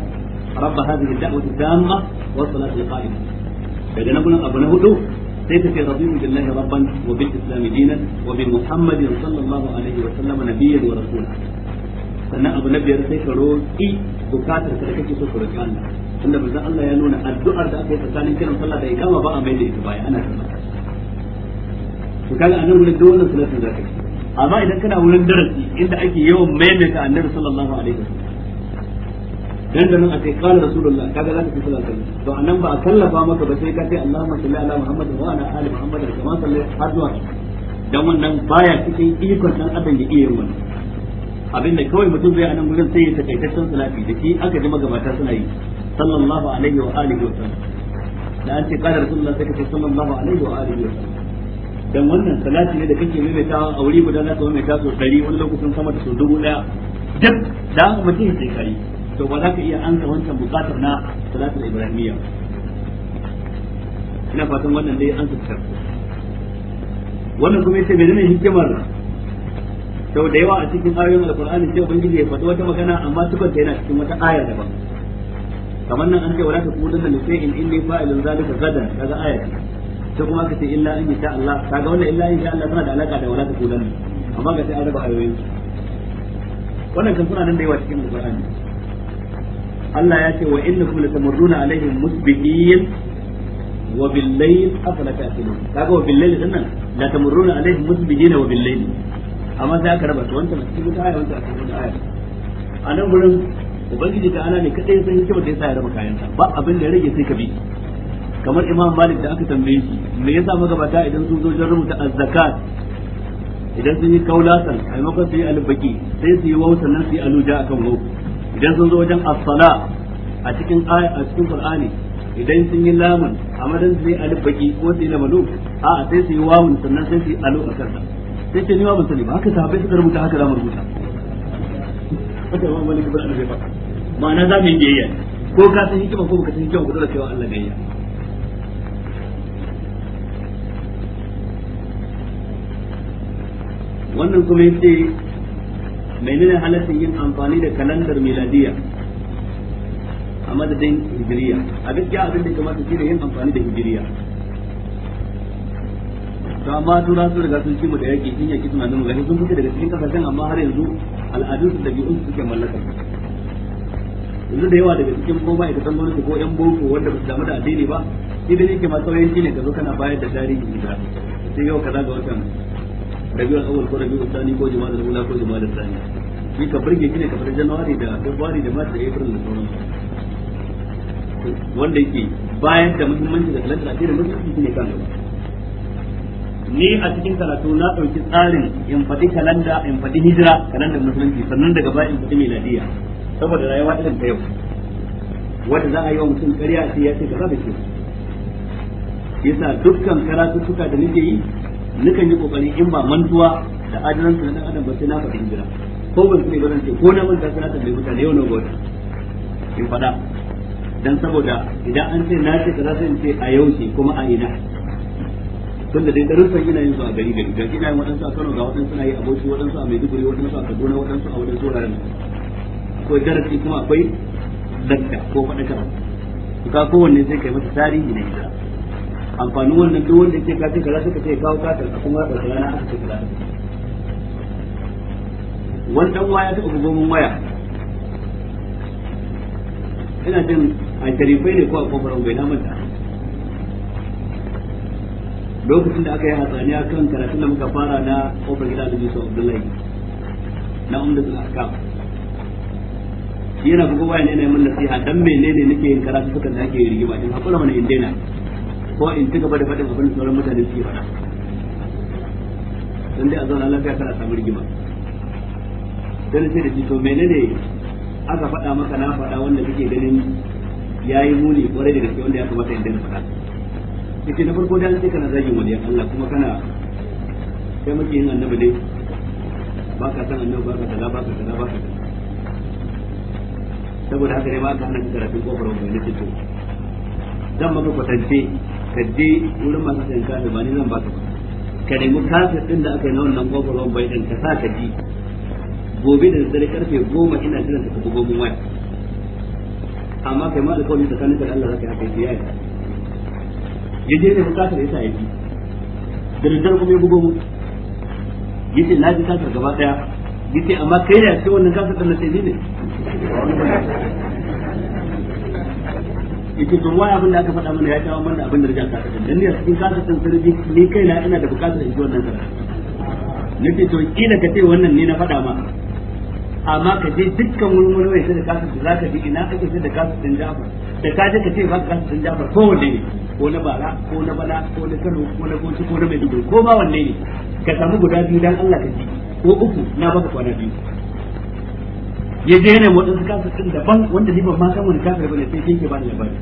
rabb hadhihi ad-da'wati tamma wa al daga abu na hudu sai ka ce billahi rabban wa bil islam dinan wa bi muhammadin sallallahu alaihi wa sallam nabiyyan wa rasula sannan abu na biyar sai ka roƙi bukatar ka da kake so ka roƙi Allah tunda manzon Allah ya nuna addu'ar da aka yi tsakanin kiran sallah da ikama ba a mai da ita baya ana karɓa to kaga nan wurin duk wannan salatin zaka yi amma idan kana wurin darasi inda ake yawan maimaita annabi sallallahu alaihi wasallam dan da nan a kai kana rasulullah kaga zaka fi sallallahu alaihi wasallam to anan ba a kallafa maka ba sai ka ce allahumma salli ala muhammad wa ala ali muhammad kama salli har zuwa dan wannan baya cikin ikon dan adam ya iya wannan abin abinda kawai mutum zai anan gurin sai ya takaitaccen salati da shi aka ji magabata suna yi sallallahu alaihi wa alihi wa sallam da an ce kana rasulullah sai ka ce sallallahu alaihi wa alihi wa sallam dan wannan salati ne da kake maimaitawa a wuri guda zaka maimaita so dari wani lokacin sama da so daya duk da haka mutum sai kai to ba za ka iya ansa wancan bukatar na salatul ibrahimiyya ina fatan wannan dai an tsaka wannan kuma yace menene hikimar to da yawa a cikin ayoyin alqur'ani sai ubangiji ya faɗi wata magana amma tukan ta yana cikin wata aya daban kamar nan an ce wala ta da li in inni fa'ilun zalika gadan kaga aya ce sai kuma ka ce illa in sha Allah kaga wannan illa in sha Allah tana da alaka da wala ta kulan amma ga sai an raba ayoyin wannan kan suna nan da yawa cikin alqur'ani Allah ya ce wa innakum latamurruna alaihim musbihin wa bil layl afala ta'qilun kaga wa bil layl dinnan latamurruna alaihim musbihin wa bil layl amma sai aka raba to wannan a cikin aya wannan a cikin aya a nan gurin ubangiji ta ana ne kadai san hikimar da yasa ya raba kayan sa ba abin da ya rage sai ka bi kamar imam malik da aka tambaye shi me yasa magabata idan sun zo don rubuta azzakat idan sun yi kaulatan a maimakon su yi albaki sai su yi wau sannan su yi aluja akan wau idan sun zo wajen Asala a cikin a cikin qur'ani idan sun yi lamun a madan su yi albaki ko su yi lamanu a sai su yi wawun sannan sai su yi alu a sa sai ce ni ma ban sani ba haka sahabbai suka rubuta haka za mu rubuta haka imam malik ibn al-bayhaqi ma'ana za mu yi biyayya ko ka san hikima ko baka san hikima ku dole cewa Allah gayya wannan kuma yake menene halatin yin amfani da kalandar miladiya a madadin hijiriya a gaskiya abin da ya kamata shi da yin amfani da hijiriya to amma tura su riga sun ci mu da yaki sun yaki suna nan gani sun fita daga cikin kasashen amma har yanzu al'adun su dabi'un su suke mallaka yanzu da yawa daga cikin ko ba san gwamnati ko yan boko wanda ba su damu da addini ba shi da yake ma sauyanci ne ka zo kana bayar da tarihi da sai yau kaza ga watan rabiul awwal ko rabi'u thani ko jumada al ko jumada da thani shi ka burge shi ne ka fara januwari da february da mata da april da sauran wanda yake bayan da muhimmanci da da da musulunci ne kan gaba ni a cikin karatu na ɗauki tsarin in faɗi kalanda in faɗi hijira kalanda musulunci sannan daga baya in faɗi miladiya saboda rayuwa irin ta yau wanda za a yi wa mutum ƙarya a ya ce gaba da ke yasa dukkan karatu suka da nake yi nukan yi kokari in ba mantuwa da adalan na dan adam ba sai na faɗi jira. ko ban sai ba zan ce ko na manta da na tambaye mutane yau na gobe in faɗa dan saboda idan an ce na ce kaza sai in ce a yau ce kuma a ina tunda dai garin san ina yin su a gari gari ga ina yin waɗansu a Kano ga waɗansu na yi a Bauchi waɗansu a Maiduguri waɗansu a Kaduna waɗansu a waɗansu wuraren akwai darasi kuma akwai dakka ko faɗakarwa ka kowanne zai kai masa tarihi na gida. amfanin wannan duk wanda yake kace kaza suka ce kawo katar a kuma da rana aka ce kaza wannan waya ta ubu gomin waya ina jin a tarifai ne ko a kofar bai na manta lokacin da aka yi a kan karatun da muka fara na kofar gida da Yusuf Abdullahi na umdatul ahkam yana bugo waya ne yi mun nasiha dan menene nake yin karatu suka da ake rigima din kuma mana in ko in ci gaba da faɗin abin da sauran mutane suke faɗa don dai a zauna lafiya kana samun rigima don sai da shi to menene aka faɗa maka na faɗa wanda kake ganin ya yi muni kwarai da gaske wanda ya kamata in dinga faɗa kace na farko dan sai kana zagin wani Allah kuma kana sai muke yin annabi dai ba ka san annabi ba ka kaza ba ka kaza ba ka saboda haka ne ba ka hana karatun kofar wani ne to dan maka kwatance ka je wurin masu sayan kafir ba ni zan baka ka nemi kafin din da aka yi na wannan gwagwarwan bai din ka sa ka ji gobe da daddare karfe goma ina jiran ka kuma gogon waya amma kai ma da kawai tsakanin ka da Allah zaka haka ya yi ya je ne bukatar yasa ya ji da daddare kuma ya bugo mu yace na ji ka gaba daya yace amma kai da ya ce wannan kafin din na sai ne yake don waya abin da aka faɗa mana ya kawo mana abin da rigar ka da dan ne a cikin kasa san sarbi ni kaina ina da bukatar in ji wannan ne. nake to kila ka ce wannan ne na faɗa ma amma ka je dukkan wani mai sai da kasu da zaka ji ina ake sai da kasu din Jafar da ka je ka ce ba kasu din Jafar ko wanne ne ko na bara ko na bala ko na Kano ko na Bauchi ko na dubu ko ba wanne ne ka samu guda biyu dan Allah ka ji ko uku na baka kwana biyu ya je ne motsin su kasa din daban wanda ni ban ma san wani kafir bane sai kin ke bani labari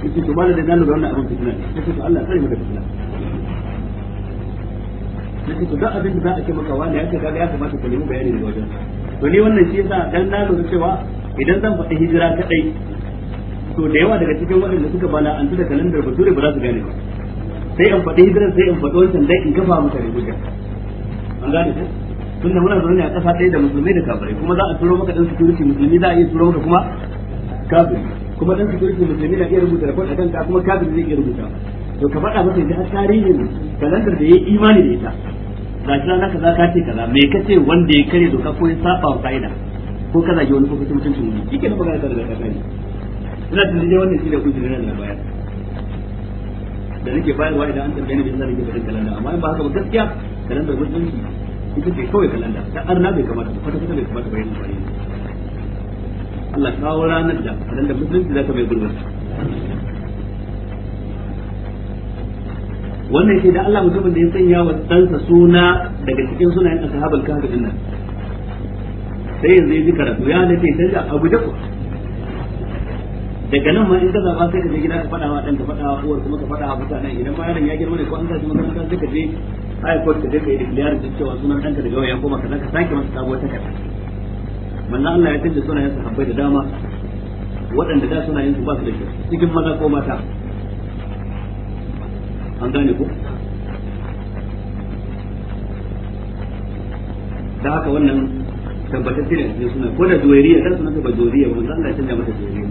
yake to bana da na lura wannan abin fitina yake to Allah sai mu da fitina yake to da abin da za a ce maka wani yake kaga ya kamata ka nemi bayani da wajen to ni wannan shi yasa dan na lura cewa idan zan faɗi hijira kadai to da yawa daga cikin waɗanda suka bala an da kalandar bature ba za su gane ba sai in faɗi hijira sai in faɗi wancan dai in kafa mutane hujja an gane ko tunda muna zaune a kasa ɗaya da musulmai da kafirai kuma za a turo maka ɗan security musulmi za a iya turo maka kuma kafiri kuma ɗan security musulmi na iya rubuta report akan ka kuma kafiri zai iya rubuta to ka faɗa masa a tarihin kalandar da ya yi imani da ita ga shi rana kaza ka ce kaza me kace wanda ya kare doka ko ya saba wa ka'ida ko kaza ya wani ko mutuncin mutuncin shi ke na magana da daga kasa ne ina tunanin dai wannan ne kujerar nan da bayar da nake bayarwa idan an tambaye ni bin zan yi kalan amma in ba haka ba gaskiya kalanda da ita ce kawai kalanda ta arna bai kamata ba kwata-kwata bai kamata ba yin amfani Allah kawo ranar da da musulunci za ta mai gurbin wannan sai da Allah mutumin da ya sanya wa ɗansa suna daga cikin sunayen ashabul kahfi din nan sai yanzu ya ji karatu ya da sai da abu da daga nan ma in ka zaba sai ka je gida ka faɗa wa ɗan ka faɗa wa uwar kuma ka faɗa wa mutanen idan ma yaron ya girma ne ko an sa shi makaranta sai ka je ai ko ka je kai declare din cewa sunan danka daga ya koma kaza ka sake masa sabuwar takarda manzo Allah ya sunan yansa habbai da dama waɗanda da sunan su ba su da kyau cikin maza ko mata an gane ko da haka wannan tabbatacce ne cikin suna ko da duwariya kar sunan ba duwariya manzo Allah ya canja mata juwairiya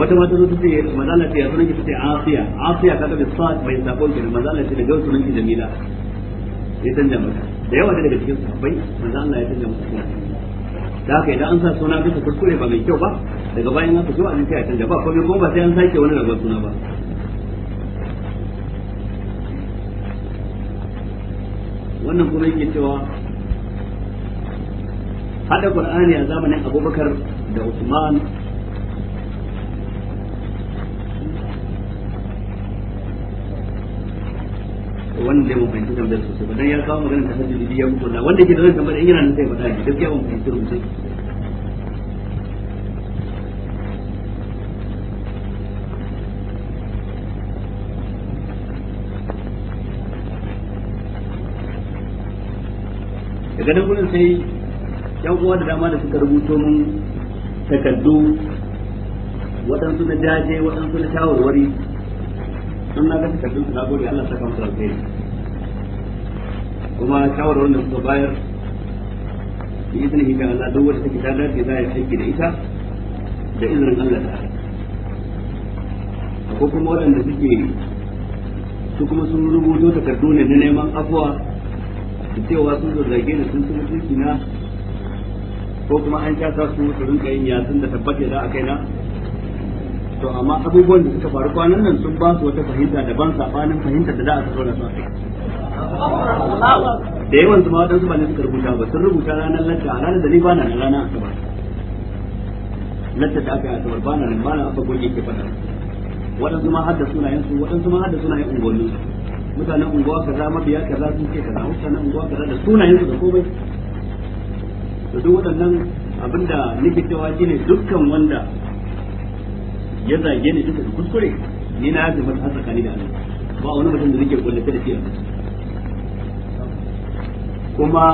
wata mata zo tace manzo Allah ya sunan ki tace Asiya Asiya kaga bi sa'at bai sako ki manzo Allah ya ce da sunan ki Jamila ya canja mata da yawa daga cikin sahabbai manzo Allah ya canja mata suna da haka idan an sa suna bisa kuskure ba mai kyau ba daga bayan haka zuwa an sai a canja ba komai kuma ba sai an sake wani rabon suna ba wannan kuma yake cewa hada qur'ani a zamanin abubakar da usman wanda ya mabanci bai sosai ba ya kawo maganin ta hajji ya mutu na wanda ke da zan yana nan sai ba ne gaskiya ban fahimci rubutun daga nan gudun sai yan uwa da dama da suka rubuto mun takardu waɗansu na jaje waɗansu na shawarwari don na ga takardun su na gode Allah saka musu alheri kuma shawarwarin da suka bayar bi hika Allah take ta dace za a da ita da izinin Allah ta ko kuma waɗanda suke su kuma sun rubuto takardu ne na neman afuwa da cewa sun zage da sun na ko kuma an kyasa su su rinka yin yatsun da tabbata da a kaina to amma abubuwan da suka faru kwanan nan sun ba su wata fahimta daban sabanin fahimtar da za a tattauna su da yawan zuma ma wadansu ba ne suka rubuta ba sun rubuta ranar lacca a ranar da ni ba bana rana asabar lacca ta aka yi asabar bana nan na abba goge ke faɗa. wadansu ma hadda sunayen su wadansu ma hadda sunayen unguwannin su mutanen unguwa kaza mabiya kaza sun ce kaza mutanen unguwa kaza da sunayen su da komai da duk waɗannan abinda nake cewa shine dukkan wanda ya zage ni duka da kuskure ni na zama ta tsakani da Allah ba wani mutum da nake kullace da shi kuma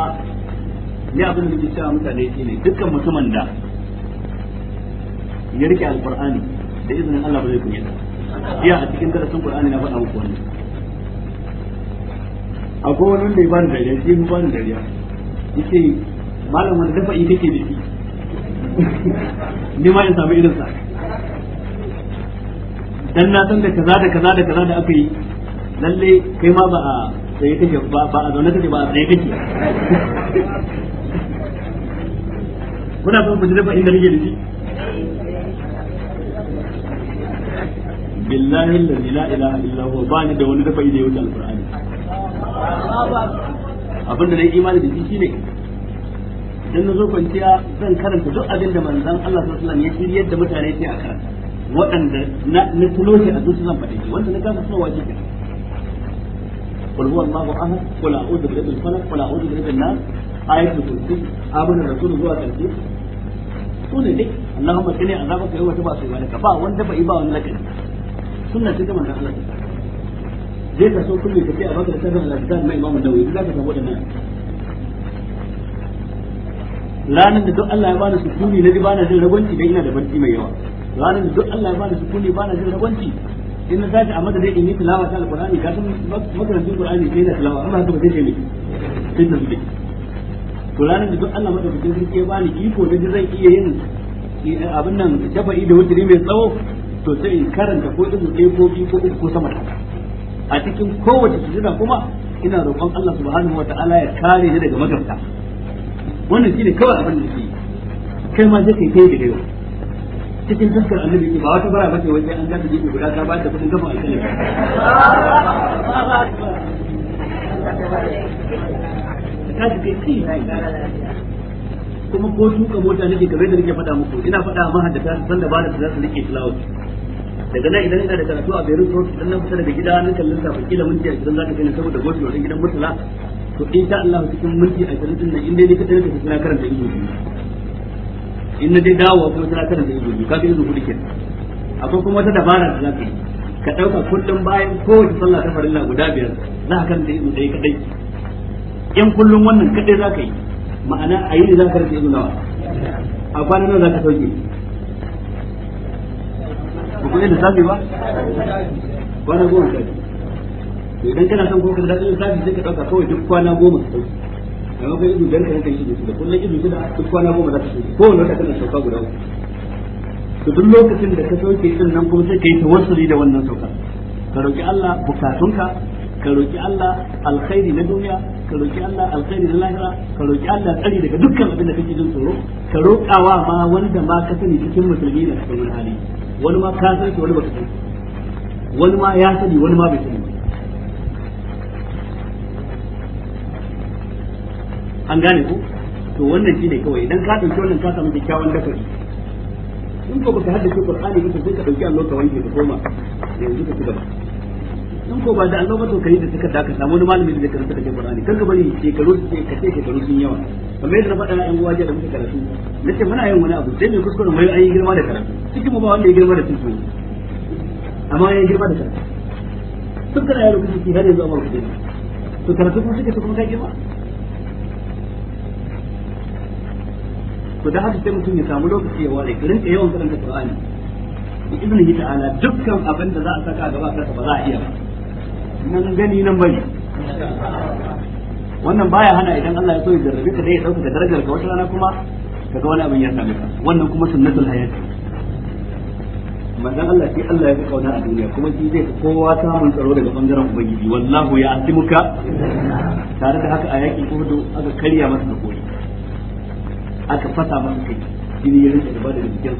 ni abin da ke cewa mutane shine dukkan mutumin da ya rike alqur'ani da izinin Allah ba zai kunya iya a cikin darasin qur'ani na faɗa muku wannan akwai wani wanda ya bani dariya shi ya bani dariya yace malam wanda dafa yi kake da shi ni ma in samu irin sa dan na san da kaza da kaza da kaza da aka yi lalle kai ma ba a tsaye take ba ba a zaune take ba a tsaye take kuna son ku dafa inda nake da shi billahi allazi la ilaha illa huwa ba ni da wani dafa da yau wuce alqur'ani abin da na imani da shi shine dan na zo kwanciya zan karanta duk abin da manzon Allah sallallahu alaihi wasallam ya shiryar da mutane sai a karanta waɗanda na tulo shi a zuci zan faɗe shi wanda na kasa suna wace kenan قل هو الله احد قل اعوذ برب الفلق قل اعوذ برب الناس آية الكرسي آمن الرسول zuwa ترتيب sune dai Allahumma kini azaba ka yawa ta ba su wani ka ba wanda ba iba wani lakani sunna ce ta manzon Allah zai ka so kulle ka ce a baka da sabbin al-azkar na Imam Nawawi za ka samu wadannan ranar da duk Allah ya bani sukuni na ji bana jin ragwanci dan ina da barci mai yawa ranar duk Allah ya bani sukuni ba na jin rabanci in na tashi a madadin in yi tilawa ta alqur'ani ga sun makarantun qur'ani sai na tilawa amma haka ba zai ne sai na zube to ranar da duk Allah madaukakin sarki ya bani iko da zai iya yin eh, abin nan shafa'i da wuturi mai tsawo to sai in karanta ko izu ɗaya ko biyu ko uku ko sama da a cikin kowace sujada kuma ina roƙon Allah subhanahu wata'ala ya kare ni daga magabta wannan shine kawai abin da shi kai ma zai kai kai da yau cikin fuskar annabi ba wata bara bace wai an ta jibi guda ta ba ta kudin gaban alƙalin ta ji kai kuma ko tuka mota nake kamar da nake faɗa muku ina faɗa a hadda ta san da ba da za su rike tilawat daga nan idan ina da karatu a Beirut Road idan na fita daga gida na kallon sa kila minti 20 za ta kai saboda goshi wajen gidan mutula to insha Allah cikin minti a din nan in dai ni kadai ka tsina karanta ilimi in na dai dawo kuma tana karanta da biyu ka ido hudu kenan akwai kuma wata dabara da zaka yi ka dauka kullum bayan kowace sallah ta farilla guda biyar za ka kanta ido dai kadai in kullum wannan kadai zaka yi ma'ana a yi za ka karanta ido nawa a kwanan nan za ka sauke ba ku yi lissafi ba kwana goma sha idan kana son ko ka da lissafi sai ka dauka kawai duk kwana goma sai kamar kai ido dan kai shi da kullun ido shi da duk kwana goma za ka shi ko wani wata kana sauka guda uku to duk lokacin da ka sauke din nan kuma sai kai tawassuli da wannan sauka ka roki Allah bukatunka ka roki Allah alkhairi na duniya ka roki Allah alkhairi na lahira ka roki Allah tsari daga dukkan abin da kake jin tsoro ka rokawa ma wanda ma ka sani cikin musulmi da cikin hali wani ma ka sani wani ba ka sani wani ma ya sani wani ma bai sani an gane ku to wannan shine kawai idan ka dauki wannan ka samu kyakkyawan dafari in ko baka haddace qur'ani ba sai ka dauki allo ka wanke ka koma yanzu ka ci gaba in ko ba da Allah ba to kai da suka daka samu wani malami da karanta kake qur'ani kan ka bari shekaru ke ka ke shekaru sun yawa kamar yadda na faɗa yan uwa da muke karatu nace muna yin wani abu sai mai kuskure mai an girma da karatu cikin mu ba wanda ya girma da tuntu amma ya girma da karatu sun kana yaro kuke har yanzu amma kuke to karatu kuma kike su kuma kai girma to da haka sai mutum ya samu lokaci ya ware ka rinka yawan karanta Qur'ani bi iznihi ta'ala dukkan abin da za a saka gaba ka ba za a iya ba nan gani nan bane wannan baya hana idan Allah ya so ya jarrabe ka dai ya dauka darajar ka wata rana kuma kaga wani abin ya same ka wannan kuma sunnatul hayati manzon Allah shi Allah ya fi kauna a duniya kuma shi zai kowa samun tsaro daga bangaren ubangiji wallahu ya asimuka tare da haka a yakin kudu aka karya masa da koyi aka fasa masa kai jini ya rinka gaba da jikin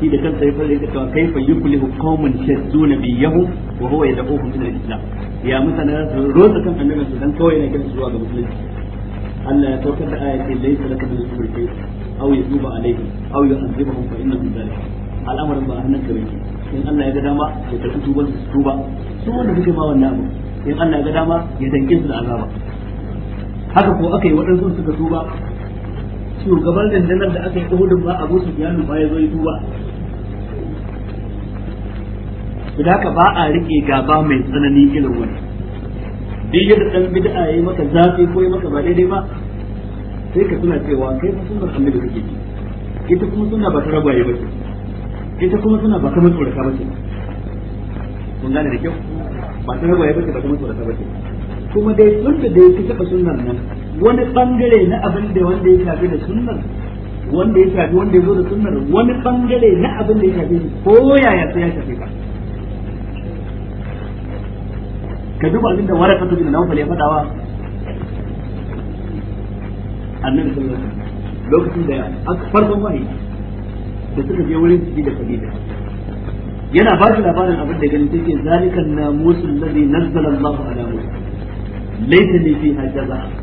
shi da kansa ya fara cewa kaifa yuflihu qauman shadduna biyahu wa huwa yad'uhum ila al-islam ya mutane su rosa kan annabi su dan kawai yana kiran zuwa ga musulunci Allah ya saukar da ayatin laysa laka bil kufri kai aw yatuba alaihim aw yu'adhibuhum fa innahum zalimun al'amarin ba a hannun gare ki in Allah ya ga dama ya karɓi tuban su tuba su wanda suke ma wannan abu in Allah ya ga dama ya danke su da azaba haka ko aka yi waɗansu suka tuba shugaban rundunar da aka yi uhudun ba a su biyanu ba ya zo yi tuba da haka ba a rike gaba mai tsanani irin wani duk yadda ɗan bid'a yi maka zafi ko ya maka ba daidai ba sai ka suna cewa kai fa sunnar annabi kake ji ita kuma suna ba ta ya bace. ita kuma suna ba ta da ba ce kun gane da kyau ba ta raba ba ce ba ta da ba ce kuma dai sun da dai ka taba sunnar nan wani bangare na abin da wanda ya shafi da sunnar wanda ya shafi wanda ya zo da sunnar wani bangare na abin da ya shafi ko yaya sai ya shafi ka ka duba abin da wara ta bin nawfal ya fadawa annabi sallallahu alaihi wasallam lokacin da aka farkon wahayi da suka je wurin ciki da fadida yana ba shi labarin abin da ganin take zalikan namusul ladhi nazzala Allahu ala musa laysa li fiha jaza'a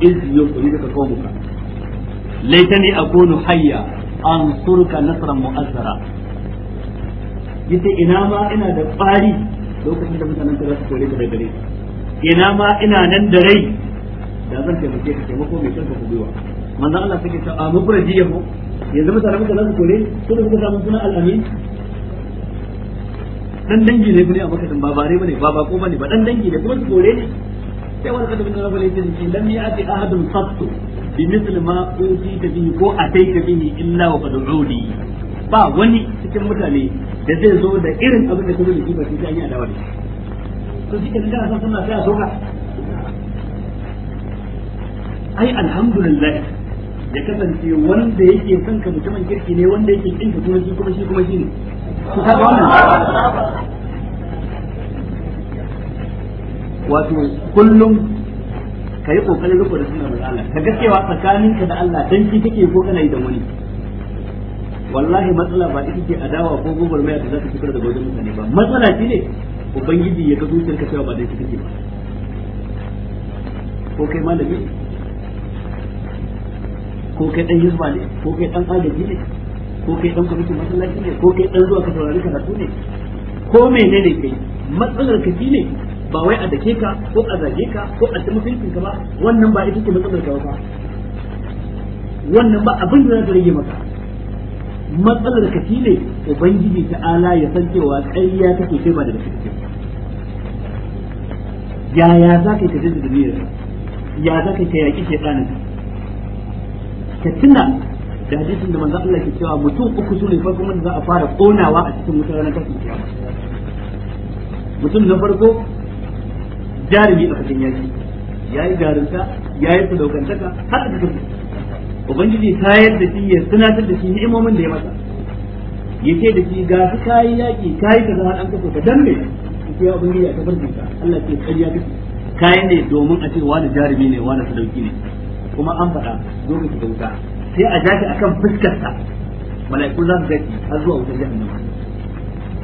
iz yukhrijuka qawmuka laitani akunu hayya ansurka nasran mu'azzara yace ina ma ina da ƙwari lokacin da mutanen ka za su kore ka da gare ina ma ina nan da rai da zan taimake ka taimako mai kanka ku gwiwa manzo Allah take ta a mufraji yabo yanzu mutanen ka za su kore su da suka samu suna al'amin dan dangi ne bane a makasin ba bare bane ba bako bane ba dan dangi ne kuma su kore ne sai wani kada bin rabal yake ce lam ya'ti ahadun bi ma uti ka bihi ko ataita bihi illa wa qad udi ba wani cikin mutane da zai zo da irin abin da kuma da ba sai an yi adawa to shi kenan da sunna sai a soka ai alhamdulillah ya kasance wanda yake son ka mutumin kirki ne wanda yake kin kuma shi kuma shi kuma shi ne wato kullum ka yi kokarin rufe da suna mai Allah ka ga cewa tsakaninka da Allah dan shi kake ko kana yi da wani wallahi matsala ba ita ce adawa ko gobar mai da za ta fitar da wajen mutane ba matsala shi ne ubangiji ya ga zuciyarka cewa ba dan shi kake ba ko kai malami ko kai dan yusma ne ko kai dan adabi ne ko kai dan kwamitin masallaci ne ko kai dan zuwa ka saurari karatu ne ko menene kai matsalar ka shi ne ba wai a dake ka ko a zage ka ko a ta mutuncin ka ba wannan ba ita ce matsalar ka ba wannan ba abin da za ta rage maka matsalar ka shine ubangiji ta'ala ya san cewa ya kake kai ba da ya yaya za ka yi ka da niyyar ya za ka yi ka yaƙi shaitanin ka tuna da hadisin da manzo Allah ke cewa mutum uku sune farkon wanda za a fara konawa a cikin wutar ranar kafin kiyama mutum na farko jarumi a cikin yaki yayi jarunta yayi sadaukantaka har da kuma ubangiji ta yadda shi ya tunatar da shi ni'imomin da ya masa ce da shi ga su kayi yaki kayi ka zama an kaso ka dan me sai ya ubangiji ya tabbata ka Allah ke kariya kake kayan ne domin a ce wani jarumi ne wani sadauki ne kuma an faɗa domin ki wuta sai a jaki akan fuskarsa mala'iku za su gaji, har zuwa wutar jahannama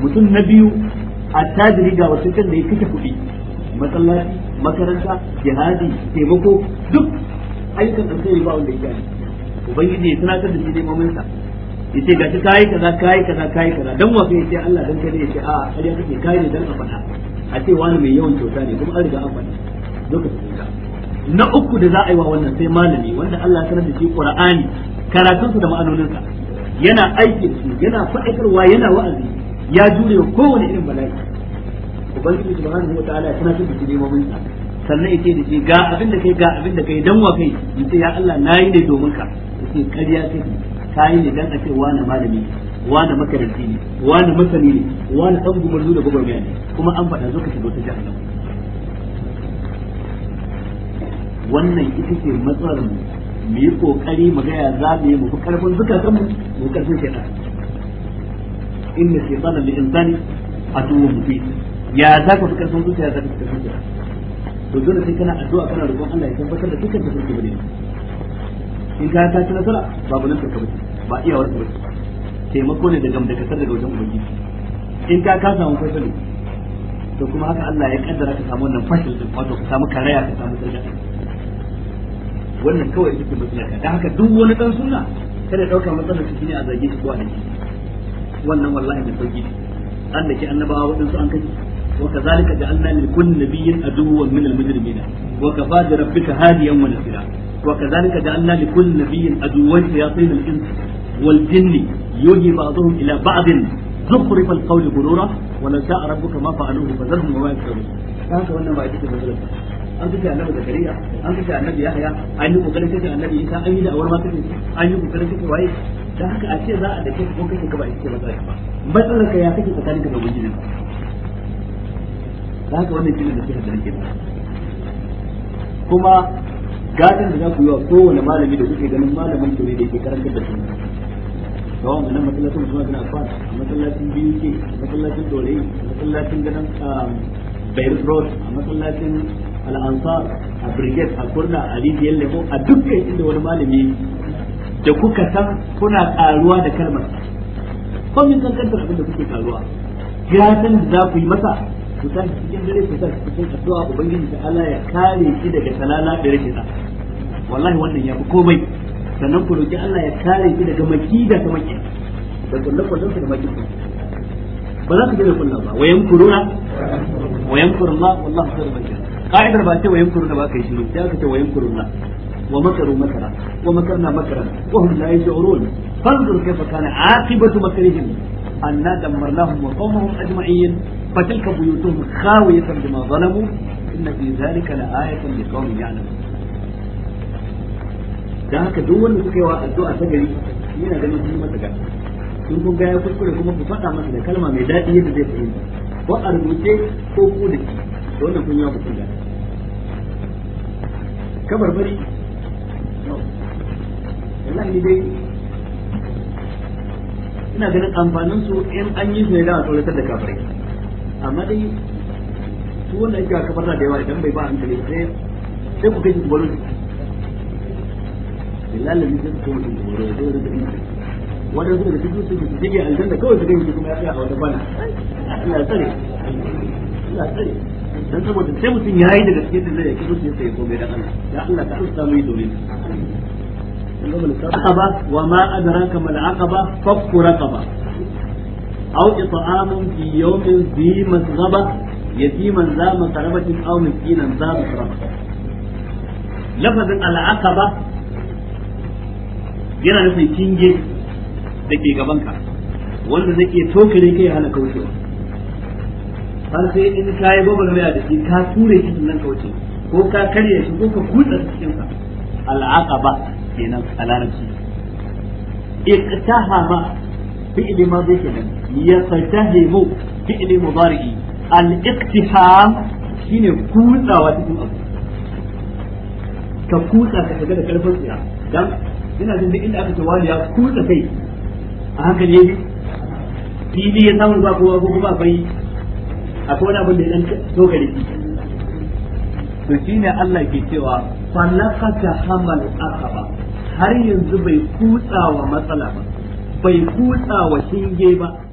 mutum na biyu a tajiri ga wasu kan da ya kashe kuɗi masallaci makaranta jihadi taimako duk ayyukan alkhairi ba wanda yake ubangiji ya tunatar da shi ne mamansa yace ga ta kai kaza kai kaza kai kaza dan wasu sai Allah dan kai yace a kariya kake kai ne dan a faɗa a ce wani mai yawan kyauta ne kuma an riga an faɗa lokacin na uku da za a yi wa wannan sai malami wanda Allah ya sanar da shi Qur'ani karatunsa da ma'anoninsa yana da su yana faɗakarwa yana wa'azi ya jure kowane irin bala'i ubangiji subhanahu wa ta'ala tana shi da neman sa sannan yace da shi ga abin da kai ga abin da kai dan wa kai yace ya Allah nayi ne domin ka yace ce kai yi ne dan a ce wani malami wani makaranti ne wani masani ne wani dan gumurzu da gwagwarmaya ne kuma an faɗa zo ka shigo ta jahannama wannan ita ce matsalar mu mu yi kokari mu gaya za mu yi mu fi karfin zukatan mu mu karfin shaitan inna shaytana lil insani aduwwun mubin ya za ku fi karfin zuciya za ku fi karfin zuciya to dole sai kana addu'a kana roƙon Allah ya tabbatar da dukkan tafsirki bane in ka ta tsara nasara babu nan tafsirki ba iyawar ku taimako ne daga mudakasar daga wajen ubangiji in ka ka samu fasali to kuma haka Allah ya kaddara ka samu wannan fashil din wato ka samu karaya ka samu sarka wannan kawai cikin ce ka dan haka duk wani dan sunna kada dauka matsalar shi ne a zage shi ko a dake wannan wallahi da sauki an ke annabawa waɗansu an kaji وكذلك جعلنا لكل نبي عدوا من المجرمين وكفى بربك هاديا ونصيرا وكذلك جعلنا لكل نبي عدوا شياطين الانس والجن يوجي بعضهم الى بعض زخرف القول غرورا ولو شاء ربك ما فعلوه فذرهم وما يفعلون كانت وانا ما يتكلم بذلك an fi annabi da kariya an fi annabi yahya an yi kokarin kake annabi isa an yi da awar ma kake an yi kokarin kake waye da haka a ce za a dake ko kake gaba ita ba ba matsalar ka ya kake tsakanin ka da gudunin da haka wannan shine da suka da ba kuma gadin da za ku yi wa kowane malami da kuke ganin malamin kure da ke karantar da sunna kawai mu nan masallacin suna gina a masallacin biyu a masallacin dore masallacin ganin um, Beirut Road a masallacin al a Brigade a Kurna a Rijiyar Lemo a dukkan inda wani malami da kuka san kuna karuwa da kalmar kun min kankantar abin da kuke karuwa gatan da za ku yi masa ku tashi dare ke sa cikin addu'a ubangiji ta Allah ya kare shi daga talala da rashin sa wallahi wannan ya komai sannan ku roki Allah ya kare daga maki da da kullu da maki ba za ku kullu ba wayan kuruna wayan kuruna wallahi sai ba ka'idar ba ce wayan kuruna ba kai shi ce wayan kuruna wa makaru makara wa makarna wa hum la yashurun fanzur kayfa kana aqibatu anna dammarnahum wa qawmahum ajma'in فتلك بيوتهم خاوية بما ظلموا إن في ذلك لآية لقوم يعلمون da haka duk wanda suka yi wa addu'a ta gari yana ganin sun masa ga sun kun ga ya kuskure kuma ku faɗa masa da kalma mai daɗi yadda zai fahimta ko a rubuce ko ku da shi wannan kun yi wa mutum gani kabar bari wallahi ni dai ina ganin amfanin su in an yi su ne da a tsoratar da kafirai amma dai su wannan kamar da yawa idan bai ba hankali sai sai ku kai gubaro lallan sai ku kai gubaro ya zo da ina wanda suka da cikin suke su jige aljanna kawai su gani kuma ya tsaya a wata bana ina tsare ina tsare dan saboda sai mutum yayi da gaske da zai kiso sai sai komai dan Allah ya Allah ka rusa mai domin aqaba wa ma adraka mal aqaba fakku raqaba aw it'amun fi yawmin dhi masghaba yatiman za masrabatin aw miskinan za masraba lafazin al'aqaba yana nufin kinge da ke gabanka wanda zai ke tokare kai hana kaucewa har sai in ka yi gwagwarmaya da shi ka ture shi nan kauce ko ka karya shi ko ka kutsa cikinsa al'aqaba kenan a larabci iqtahama fi'li ma zai kenan yaqtahimu fi'li mudari'i al-iqtiham shine kutsawa cikin abu ka kutsa ka shiga da karfin tsiya dan ina jin duk inda aka ce ya kutsa kai a hankali ne fili ya samu ba kowa ko kuma bai akwai wani abin da ya dan dogare to shine Allah ke cewa falakata hamal akaba har yanzu bai matsala ba bai kutsa wa shinge ba